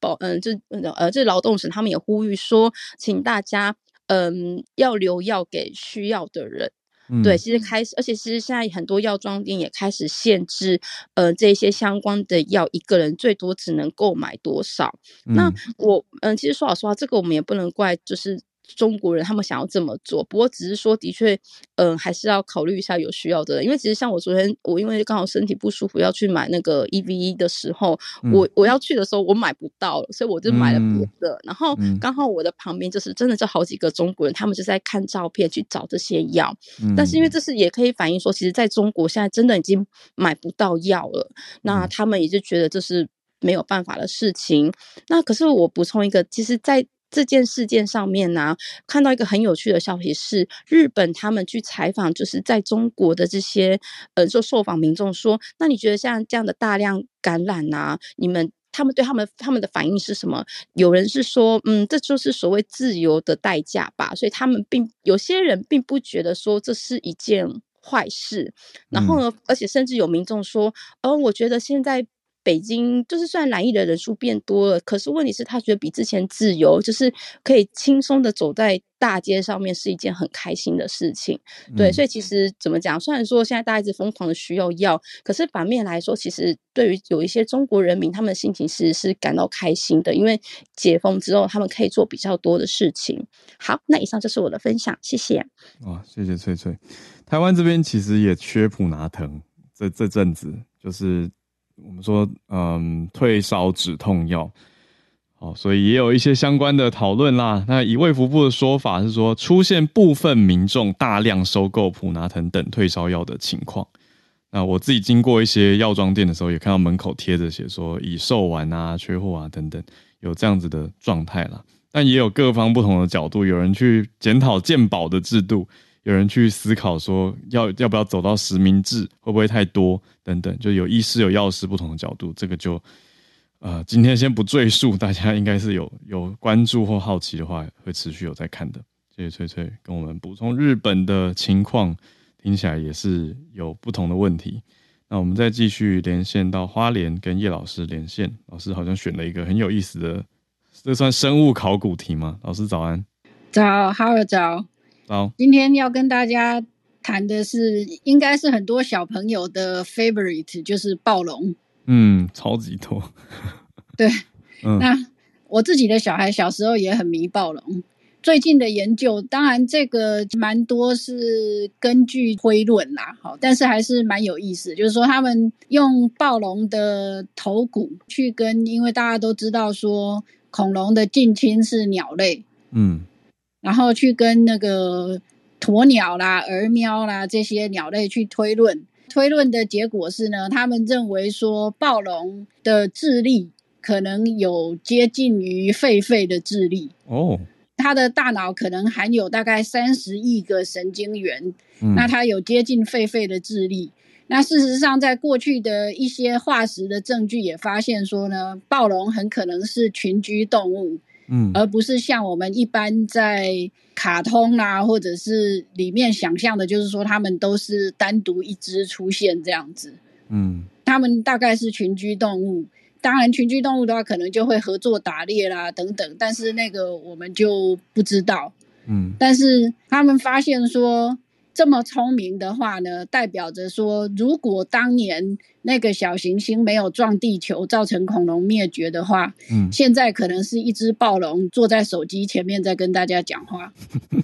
保，嗯、呃，就呃這勞動省，他們也呼籲說，請大家嗯、呃、要留藥給需要的人。嗯、對，其實開始，而且其實現在很多藥妝店也開始限制，呃，這些相關的藥，一個人最多只能購買多少。嗯、那我，嗯、呃，其實說老實話，這個我們也不能怪，就是。中國人他們想要這麼做，不過只是說，的確，嗯，還是要考慮一下有需要的人，因為其實像我昨天，我因為剛好身體不舒服要去買那個 EVE 的時候，我我要去的時候我買不到，所以我就買了別的，嗯。然後剛好我的旁邊就是真的就好幾個中國人，他們就在看照片去找這些藥，嗯，但是因為這是也可以反映說，其實在中國現在真的已經買不到藥了，那他們也就覺得這是沒有辦法的事情。那可是我補充一個，其實，在。這件事件上面呢、啊,看到一個很有趣的消息是，日本他們去採訪，就是在中國的這些呃,就受訪民眾說，那你覺得像這樣的大量感染啊，你們他們對他們他們的反應是什麼？有人是說，嗯，這就是所謂自由的代價吧，所以他們並有些人並不覺得說這是一件壞事。然後呢，而且甚至有民眾說，嗯、呃，我覺得現在。北京就是，雖然來意的人數變多了，可是問題是他覺得比之前自由，就是可以輕鬆的走在大街上面是一件很開心的事情。對，所以其實怎麼講，雖然說現在大家一直瘋狂的需要藥，可是反面來說，其實對於有一些中國人民，他們的心情其實是感到開心的，因為解封之後，他們可以做比較多的事情。好，那以上就是我的分享，謝謝。哇，謝謝翠翠。台灣這邊其實也缺普拿疼，這這陣子就是。我們說，嗯，退燒止痛藥，好，所以也有一些相關的討論啦。那以衛福部的說法是說，出現部分民眾大量收購普拿疼等退燒藥的情況。那我自己經過一些藥妝店的時候，也看到門口貼着寫說已售完啊、缺貨啊等等，有這樣子的狀態啦。但也有各方不同的角度，有人去檢討健保的制度。有人去思考說要要不要走到實名制，會不會太多等等，就有醫師、有藥師不同的角度，這個就、呃、今天先不贅述，大家應該是有有關注或好奇的話，會持續有在看的。謝謝翠翠跟我們補充日本的情況，聽起來也是有不同的問題。那我們再繼續連線到花蓮跟葉老師連線，老師好像選了一個很有意思的，這算生物考古題嗎？老師早安，早，Hello，早。好，今天要跟大家談的是，應該是很多小朋友的 favorite 就是暴龍，嗯，超級多。 對，嗯、那我自己的小孩小時候也很迷暴龍。最近的研究，當然這個蠻多是根據推論啦，好，但是還是蠻有意思，就是說他們用暴龍的頭骨去跟，因為大家都知道說恐龍的近親是鳥類。嗯。然後去跟那個鴕鳥啦、鴯鶓啦這些鳥類去推論，推論的結果是呢，他們認為說暴龍的智力可能有接近於狒狒的智力哦，它、oh. 的大腦可能含有大概三十億個神經元，嗯、那它有接近狒狒的智力。那事實上，在過去的一些化石的證據也發現說呢，暴龍很可能是群居動物。嗯，而不是像我們一般在卡通啦、啊，或者是裡面想象的，就是說他們都是單獨一隻出現這樣子。嗯，他們大概是群居動物，當然群居動物的話，可能就會合作打獵啦等等，但是那個我們就不知道。嗯，但是他們發現說。這麼聰明的話呢，代表着說，如果當年那個小行星沒有撞地球，造成恐龍滅絕的話，嗯，現在可能是一隻暴龍坐在手機前面在跟大家講話。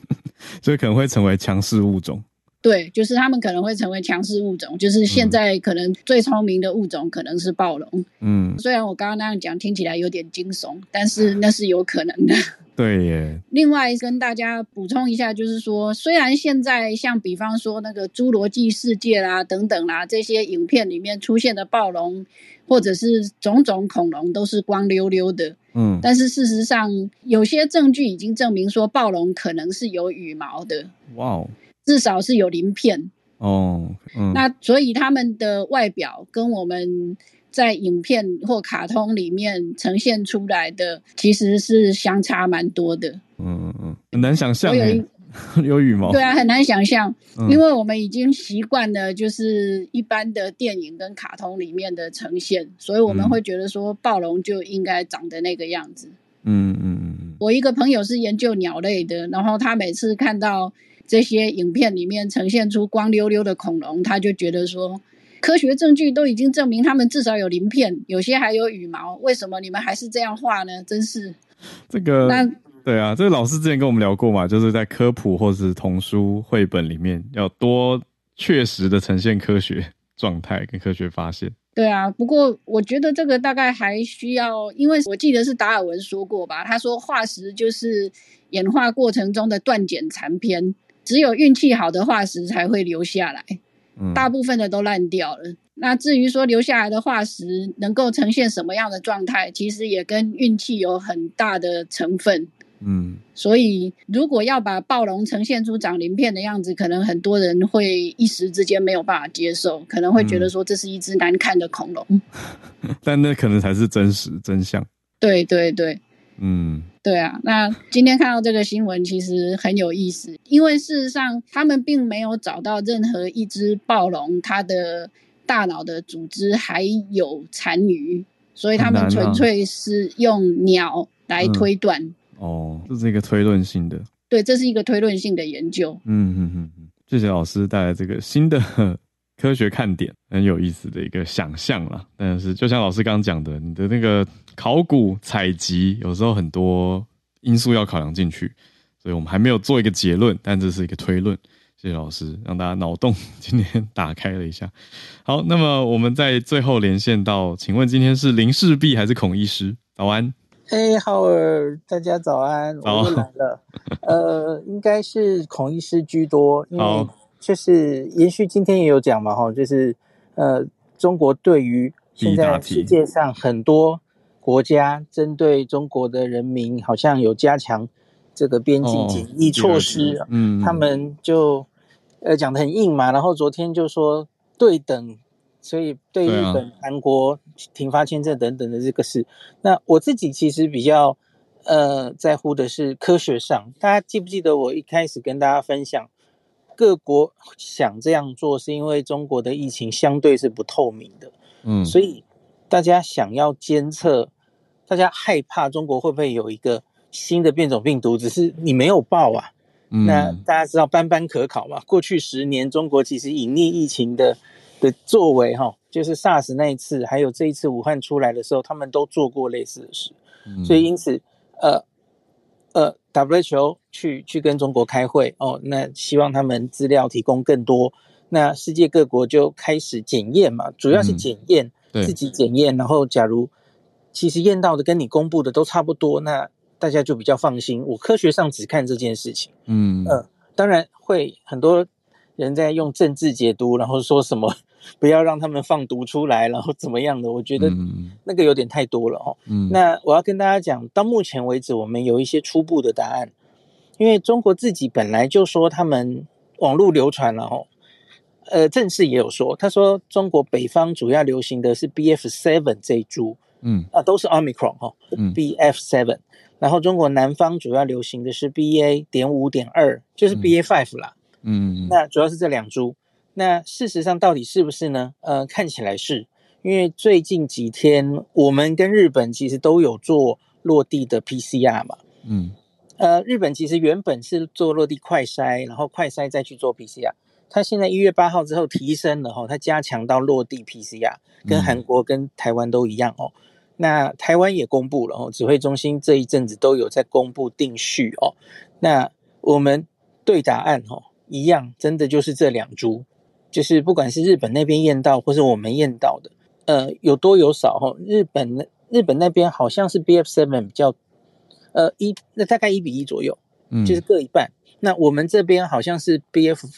所以可能會成為強勢物種。對，就是他們可能會成為強勢物種，就是現在可能最聰明的物種可能是暴龍。嗯，雖然我剛剛那樣講，聽起來有點驚悚，但是那是有可能的。對耶。另外跟大家補充一下，就是說，雖然現在像比方說那個《侏羅紀世界》啦、等等啦、這些影片裡面出現的暴龍，或者是種種恐龍都是光溜溜的，嗯，但是事實上有些證據已經證明說暴龍可能是有羽毛的，哇哦，至少是有鱗片哦，嗯。那所以它們的外表跟我們。在影片或卡通裡面呈現出來的，其實是相差蠻多的。嗯嗯，很難想象， 有羽毛，對啊，很難想象，嗯，因為我們已經習慣了就是一般的電影跟卡通裡面的呈現，所以我們會覺得說暴龍就應該長得那個樣子。嗯嗯嗯。我一個朋友是研究鳥類的，然後他每次看到這些影片裡面呈現出光溜溜的恐龍，他就覺得說。科學證據都已經證明，它們至少有鱗片，有些還有羽毛。為什麼你們還是這樣畫呢？真是這個。那，對啊，這個老師之前跟我們聊過嘛，就是在科普或是童書繪本裡面，要多確實的呈現科學狀態跟科學發現。對啊，不過我覺得這個大概還需要，因為我記得是達爾文說過吧，他說化石就是演化過程中的斷簡殘篇，只有運氣好的化石才會留下來。嗯，大部分的都爛掉了。那至於說留下來的化石能夠呈現什麼樣的狀態，其實也跟運氣有很大的成分。嗯，所以如果要把暴龍呈現出長鱗片的樣子，可能很多人會一時之間沒有辦法接受，可能會覺得說這是一只難看的恐龍。嗯，但那可能才是真實真相。對對對。嗯，對啊，那今天看到這個新聞其實很有意思，因為事實上他們並沒有找到任何一隻暴龍，它的大腦的組織還有殘餘，所以他們純粹是用鳥來推斷，啊嗯。哦，這是一個推論性的。對，這是一個推論性的研究。嗯嗯嗯嗯，謝謝老師帶來這個新的。科學看點，很有意思的一個想象了，但是就像老師剛剛講的，你的那個考古採集有時候很多因素要考量進去，所以我們還沒有做一個結論，但這是一個推論。謝謝老師，讓大家腦洞今天打開了一下。好，那麼我們在最後連線到，請問今天是林氏璧還是孔醫師？早安。嘿，浩爾，大家早安。早。我又來了。呃，應該是孔醫師居多，因為，嗯。就是延續今天也有講嘛，哈，就是呃，中國對於現在世界上很多國家針對中國的人民，好像有加強這個邊境檢疫措施，哦就是，嗯，他們就呃講的很硬嘛，然後昨天就說對等，所以對日本對，啊，韓國停發簽證等等的這個事，那我自己其實比較呃在乎的是科學上，大家記不記得我一開始跟大家分享？各國想這樣做，是因為中國的疫情相對是不透明的，嗯，所以大家想要監測，大家害怕中國會不會有一個新的變種病毒，只是你沒有報啊，那大家知道斑斑可考嘛？過去十年中國其實隱匿疫情的的作為哈，就是 SARS 那一次，還有這一次武漢出來的時候，他們都做過類似的事，所以因此，呃呃，WHO。去去跟中國開會哦，那希望他們資料提供更多。那世界各國就開始檢驗嘛，主要是檢驗、嗯，自己檢驗。然後，假如其實驗到的跟你公布的都差不多，那大家就比較放心。我科學上只看這件事情。嗯，呃，當然會很多人在用政治解讀，然後說什麼不要讓他們放毒出來，然後怎麼樣的？我覺得那個有點太多了哦。嗯哦，那我要跟大家講，到目前為止，我們有一些初步的答案。因為中國自己本來就說他們網絡流傳了哦，呃，正式也有說，他說中國北方主要流行的是 BF seven 這一株，嗯，啊，都是 c 密克戎哈，嗯，BF seven，然後中國南方主要流行的是 BA 點五點二，就是 BA five 啦，嗯，那主要是這兩株、嗯嗯，那事實上到底是不是呢？呃，看起來是，因為最近幾天我們跟日本其實都有做落地的 PCR 嘛，嗯。呃，日本其實原本是做落地快篩，然後快篩再去做 PCR。它現在一月八號之後提升了，哈，它加強到落地 PCR，跟韓國、嗯、跟台灣都一樣哦。那台灣也公布了，哦，指揮中心這一陣子都有在公佈定序哦。那我們對答案，哦，一樣，真的就是這兩株，就是不管是日本那邊驗到，或是我們驗到的，呃，有多有少，哦，日本日本那邊好像是 BF7 比較。呃，一，那大概一比一左右，嗯，就是各一半。那我們這邊好像是 BF，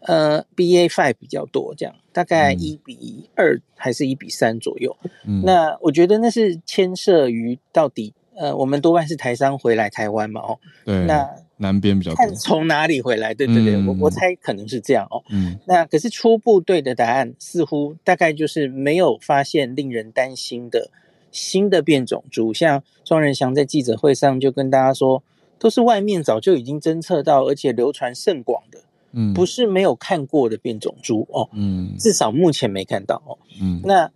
呃，BA five 比較多，這樣大概一比二還是一比三左右。嗯，那我覺得那是牽涉於到底，呃，我們多半是台商回來台灣嘛，哦，對，那南邊比較多，看從哪裡回來，對對對，嗯，我我猜可能是這樣哦。嗯，那可是初步對的答案似乎大概就是沒有發現令人擔心的新的變種株，像莊人祥在記者會上就跟大家說，都是外面早就已經偵測到，而且流傳甚廣的，嗯，不是沒有看過的變種株哦，嗯，至少目前沒看到哦，嗯，那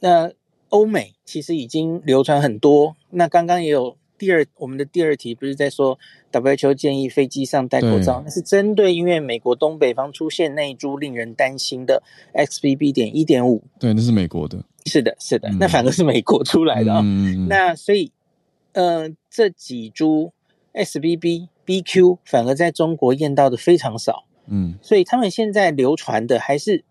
那歐美其實已經流傳很多，那剛剛也有第二，我們的第二題不是在說，WHO 建議飛機上戴口罩，那是針對因為美國東北方出現那一株令人擔心的 XBB 點一點五，對，那是美國的。是的，是的，嗯，那反而是美國出來的啊。哦，嗯。那所以，呃，這幾株 SBB BQ 反而在中國驗到的非常少。嗯，所以他們現在流傳的還是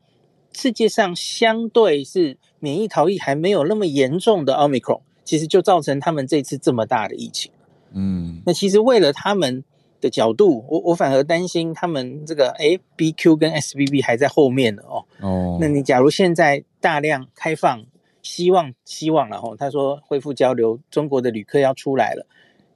世界上相對是免疫逃逸還沒有那麼嚴重的奧密克戎，其實就造成他們這次這麼大的疫情。嗯，那其實為了他們的角度，我我反而擔心他們這個哎 BQ 跟 SBB 還在後面呢哦。哦，那你假如現在，大量開放，希望希望了哈。他說恢復交流，中國的旅客要出來了，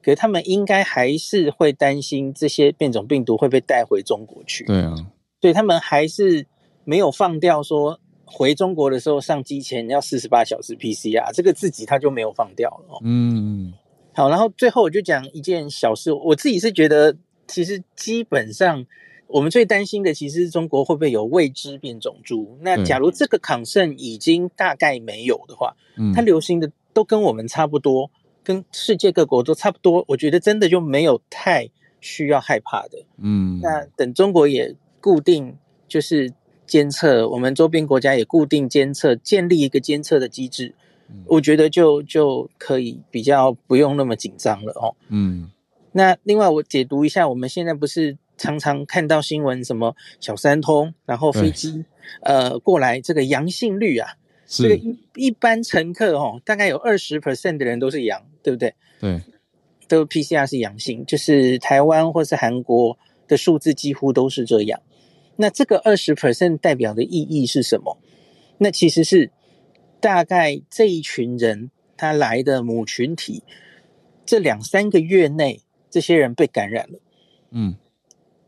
可是他們應該還是會擔心這些變種病毒會被帶回中國去。對啊，所以他們還是沒有放掉，說回中國的時候上機前要四十八小時 PCR，這個自己他就沒有放掉了。嗯，好，然後最後我就講一件小事，我自己是覺得其實基本上。我們最擔心的，其實是中國會不會有未知變種株？那假如這個抗勝已經大概沒有的話，嗯，它流行的都跟我們差不多，跟世界各國都差不多，我覺得真的就沒有太需要害怕的。嗯，那等中國也固定就是監測，我們周邊國家也固定監測，建立一個監測的機制，我覺得就就可以比較不用那麼緊張了哦。嗯，那另外我解讀一下，我們現在不是。常常看到新聞，什麼小三通，然後飛機，呃，過來這個陽性率啊，是這個一一般乘客哦，大概有二十 percent 的人都是陽，對不對？對，都 PCR 是陽性，就是台灣或是韓國的數字幾乎都是這樣。那這個二十 percent 代表的意義是什麼？那其實是大概這一群人他來的母群體，這兩三個月內這些人被感染了，嗯。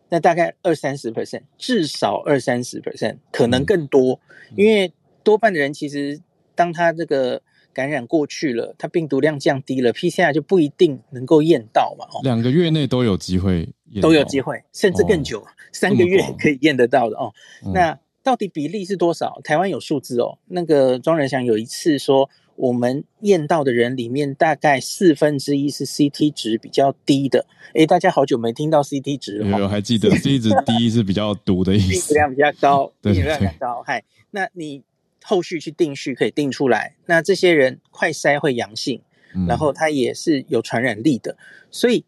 那大概二三十 percent，至少二三十 percent，可能更多、嗯嗯，因為多半的人其實當他這個感染過去了，他病毒量降低了，PCR 就不一定能夠驗到嘛。哦，兩個月內都有機會，都有機會，甚至更久，哦、三個月可以驗得到的哦、嗯。那到底比例是多少？台灣有數字哦。那個莊人祥有一次說。我們驗到的人裡面，大概四分之一是 CT 值比較低的。哎、欸，大家好久沒聽到 CT 值，有、欸、還記得 CT 值低是比較毒的意思，病毒量比較高，對,對，病毒量比較高。嗨，那你後續去定序可以定出來。那這些人快篩會陽性，然後他也是有傳染力的，嗯、所以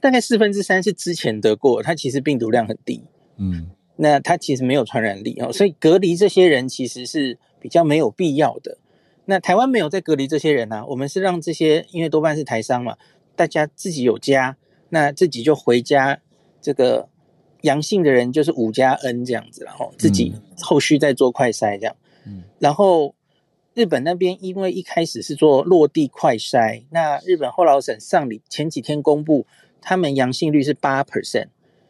大概四分之三是之前得過，他其實病毒量很低，嗯，那他其實沒有傳染力哦，所以隔離這些人其實是比較沒有必要的。那台灣沒有在隔離這些人呢？啊，我們是讓這些，因為多半是台商嘛，大家自己有家，那自己就回家。這個陽性的人就是五加 N 這樣子，然後自己後續再做快篩這樣。嗯。然後日本那邊因為一開始是做落地快篩，那日本厚勞省上禮前幾天公布，他們陽性率是八 percent，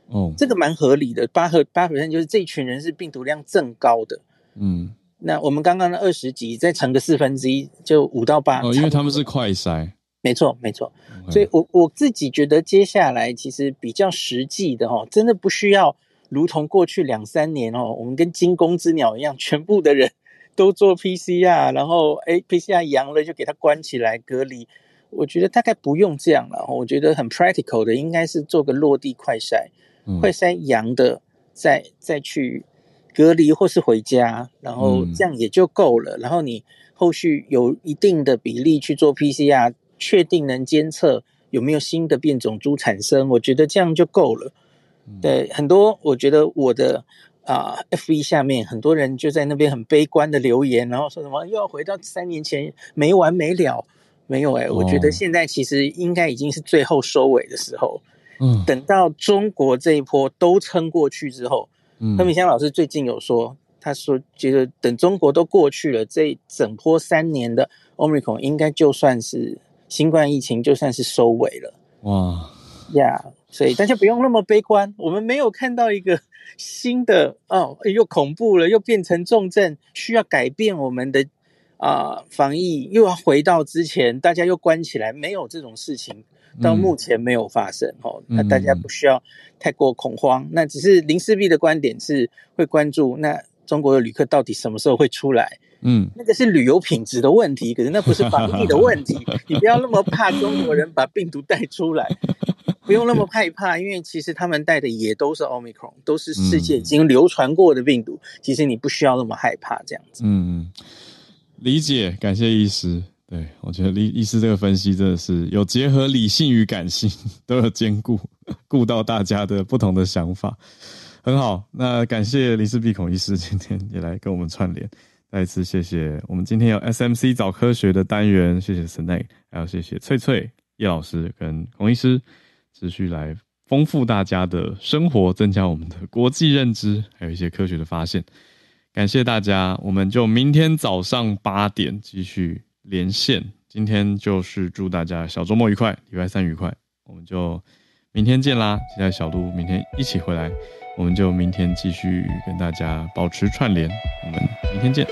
哦，這個蠻合理的，八和八 percent 就是這群人是病毒量正高的。嗯。那我們剛剛的二十幾再乘個四分之一，就五到八。哦，因為他們是快篩，沒錯沒錯。Okay. 所以我，我我自己覺得接下來其實比較實際的哦，真的不需要如同過去兩三年哦，我們跟驚弓之鳥一樣，全部的人都做 PCR，然後 PCR 陽了就給它關起來隔離。我覺得大概不用這樣了，我覺得很 practical 的，應該是做個落地快篩、嗯，快篩陽的再再去。隔離或是回家，然後這樣也就夠了，嗯。然後你後續有一定的比例去做 PCR，確定能監測有沒有新的變種株產生，我覺得這樣就夠了。嗯、對，很多我覺得我的啊，F 一下面很多人就在那邊很悲觀的留言，然後說什麼又要回到三年前沒完沒了。沒有誒、欸哦，我覺得現在其實應該已經是最後收尾的時候。嗯，等到中國這一波都撐過去之後。嗯、何美鄉老師最近有說，他說：“覺得等中國都過去了，這一整波三年的歐米克戎應該就算是新冠疫情，就算是收尾了。哇”哇，Yeah！所以大家不用那麼悲觀。我們沒有看到一個新的哦，又恐怖了，又變成重症，需要改變我們的啊、呃、防疫，又要回到之前，大家又關起來，沒有這種事情。到目前沒有發生哦，那、嗯、大家不需要太過恐慌。嗯、那只是林氏璧的觀點是會關注那中國的旅客，到底什麼時候會出來。嗯，那個是旅遊品質的問題，可是那不是防疫的問題。 你不要那麼怕中國人把病毒帶出來， 不用那麼害怕，因為其實他們帶的也都是奧密克戎，都是世界已經流傳過的病毒，嗯。其實你不需要那麼害怕這樣子。嗯，理解，感謝醫師。對，我覺得李醫師這個分析真的是有結合理性與感性，都有兼顧顧到大家的不同的想法，很好。那感謝林斯碧孔醫師今天也來跟我們串聯，再一次謝謝。我們今天有 S M C 早科學的單元，謝謝 Snake，還有謝謝翠翠葉老師跟孔醫師，持續來豐富大家的生活，增加我們的國際認知，還有一些科學的發現。感謝大家，我們就明天早上八點繼續連線，今天就是祝大家小周末愉快，禮拜三愉快，我們就明天見啦。期待小鹿明天一起回來，我們就明天繼續跟大家保持串連，我們明天見。